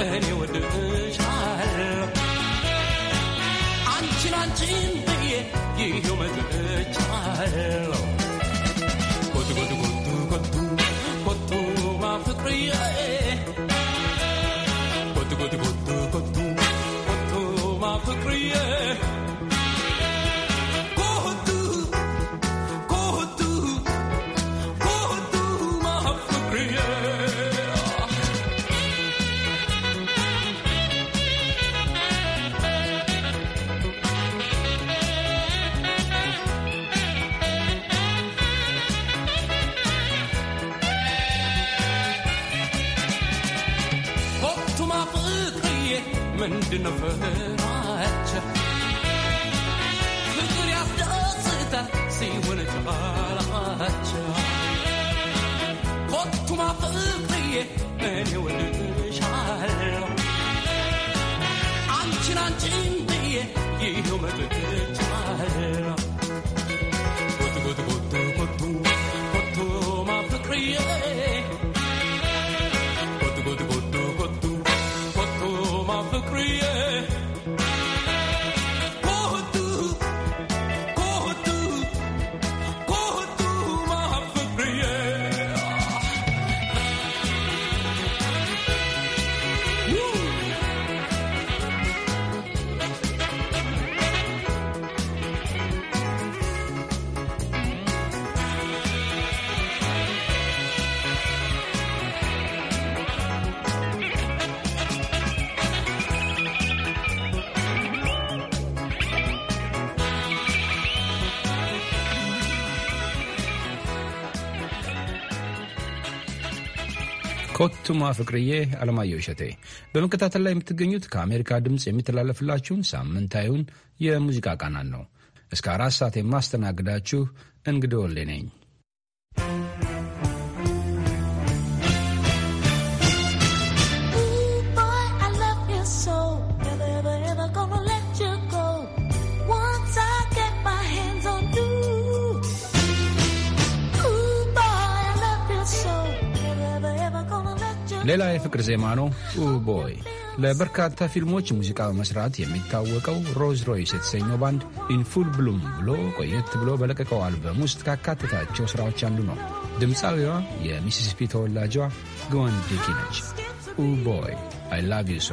Good, good, good, good, good. never ቱማ ፍቅርዬ፣ አለማየሁ እሸቴ። በመከታተል ላይ የምትገኙት ከአሜሪካ ድምፅ የሚተላለፍላችሁን ሳምንታዊውን የሙዚቃ ቃናን ነው። እስከ አራት ሰዓት የማስተናግዳችሁ እንግዳ ወልዴ ነኝ። ሌላ የፍቅር ዜማ ነው ቦይ። ለበርካታ ፊልሞች ሙዚቃ በመስራት የሚታወቀው ሮዝ ሮይስ የተሰኘው ባንድ ኢንፉል ብሉም ብሎ ቆየት ብሎ በለቀቀው አልበም ውስጥ ካካተታቸው ሥራዎች አንዱ ነው። ድምፃዊዋ የሚሲሲፒ ተወላጇ ግወን ዲኪ ነች። ቦይ አይ ላቭ ዩ ሶ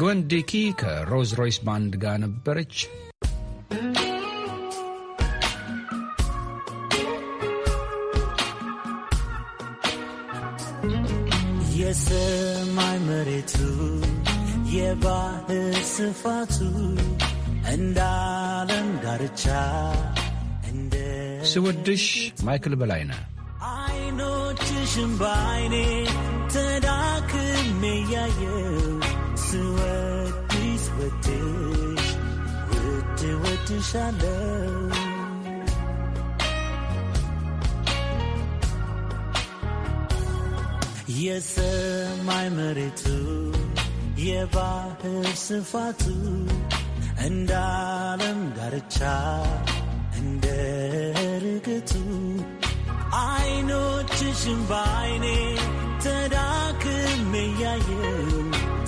ጎን ዲኪ ከሮዝ ሮይስ ባንድ ጋር ነበረች። የሰማይ መሬቱ የባህር ስፋቱ እንደ ዳርቻ እንደ ስወድሽ ማይክል በላይነህ አይኖችሽም በአይኔ ተዳክሜ ያየው ስወድሽ ወድሽ የሰማይ መሬቱ የባህር ስፋቱ እንደ ዓለም ዳርቻ እንደ ርግቱ አይኖችሽም በአይኔ ተዳክም እያየው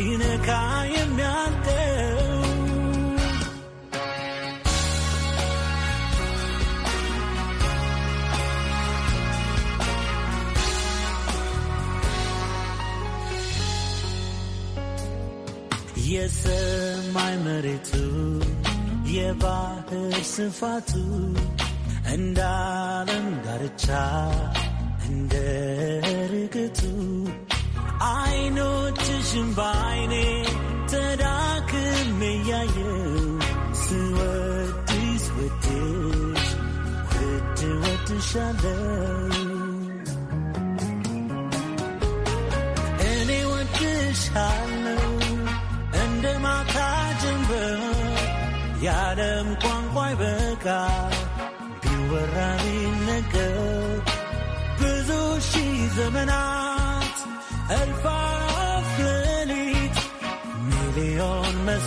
ሲነካ የሚያልቀው የሰማይ መሬቱ የባህር ስፋቱ እንደ ዓለም ዳርቻ እንደ ርግቱ አይኖችሽን በአይኔ ተዳክም እያየው ስወድስ ወድሽ ወድ ወድሻለው እኔ ወድሻለው እንደ ማታ ጀንበር የዓለም ቋንቋ ይበቃ ቢወራ ነገር ብዙ ሺህ ዘመናት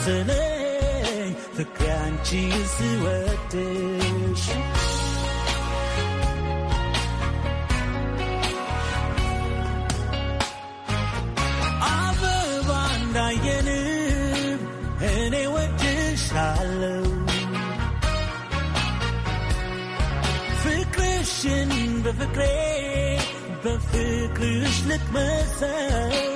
sinning, the grand Jesus worked it. Christian, but for great, but for Christian, look myself.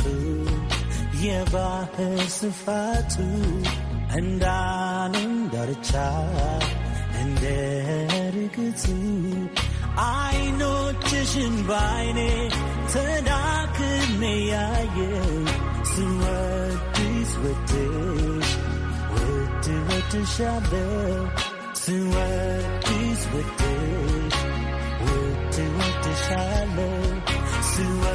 tu ye bahsifatu and anandarcha and ergtu I know tishin I tadak me aye suadis with to what to shabel to what is with it to what to shallow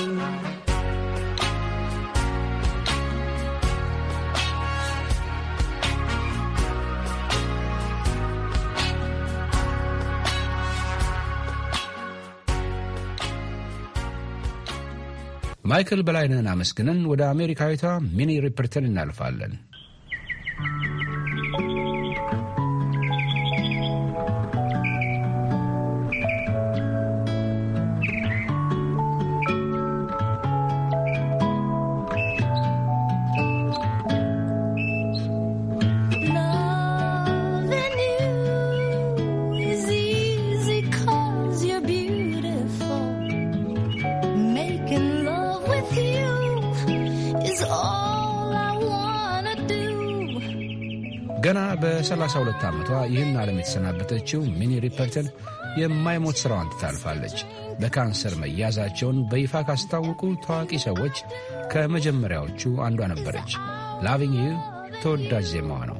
ማይክል በላይነን አመስግነን ወደ አሜሪካዊቷ ሚኒ ሪፐርተን እናልፋለን። በሰላሳ 32 ዓመቷ ይህን ዓለም የተሰናበተችው ሚኒ ሪፐርተን የማይሞት ሥራዋን ትታልፋለች። በካንሰር መያዛቸውን በይፋ ካስታወቁ ታዋቂ ሰዎች ከመጀመሪያዎቹ አንዷ ነበረች። ላቪንግ ዩ ተወዳጅ ዜማዋ ነው።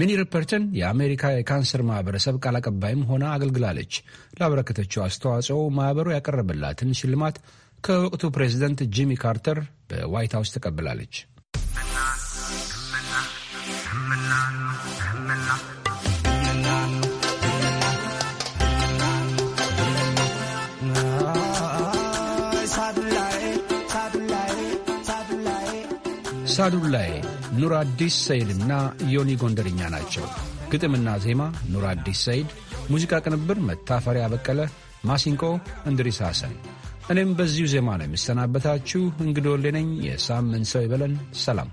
ሚኒ ሪፐርተን የአሜሪካ የካንሰር ማህበረሰብ ቃል አቀባይም ሆና አገልግላለች። ላበረከተችው አስተዋጽኦ ማህበሩ ያቀረበላትን ሽልማት ከወቅቱ ፕሬዚደንት ጂሚ ካርተር በዋይት ሀውስ ተቀብላለች። ሳዱላይ ኑር አዲስ ሰይድና ዮኒ ጎንደርኛ ናቸው። ግጥምና ዜማ ኑር አዲስ ሰይድ፣ ሙዚቃ ቅንብር መታፈሪያ በቀለ፣ ማሲንቆ እንድሪስ ሐሰን። እኔም በዚሁ ዜማ ነው የምሰናበታችሁ። እንግዶ ነኝ። የሳምንት ሰው ይበለን። ሰላም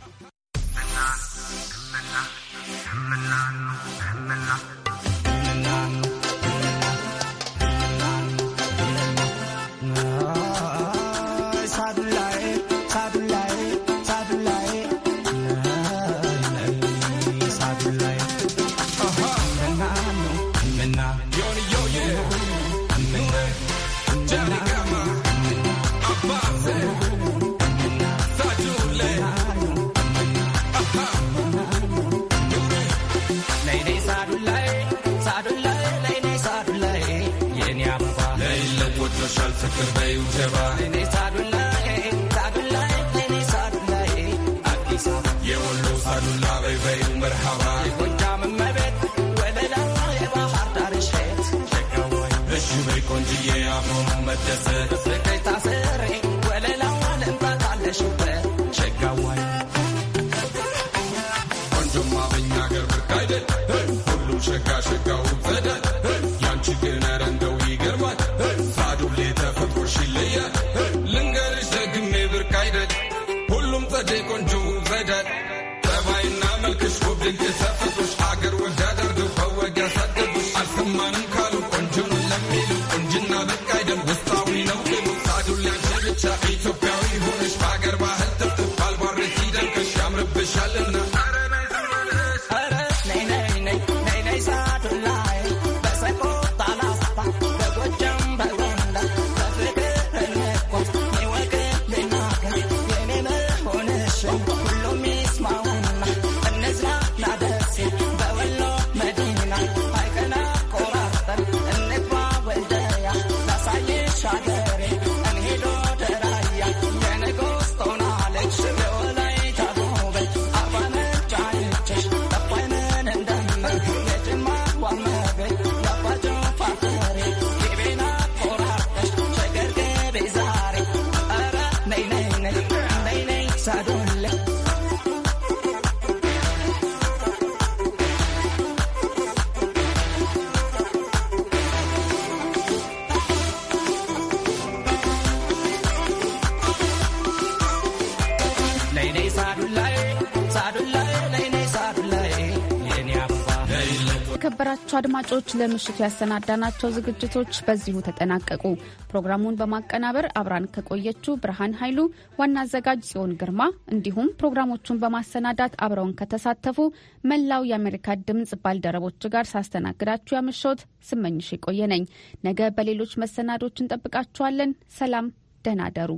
አድማጮች ለምሽቱ ያሰናዳናቸው ዝግጅቶች በዚሁ ተጠናቀቁ። ፕሮግራሙን በማቀናበር አብራን ከቆየችው ብርሃን ኃይሉ፣ ዋና አዘጋጅ ጽዮን ግርማ እንዲሁም ፕሮግራሞቹን በማሰናዳት አብረውን ከተሳተፉ መላው የአሜሪካ ድምፅ ባልደረቦች ጋር ሳስተናግዳችሁ ያመሸሁት ስመኝሽ የቆየ ነኝ። ነገ በሌሎች መሰናዶች እንጠብቃችኋለን። ሰላም፣ ደህና ደሩ።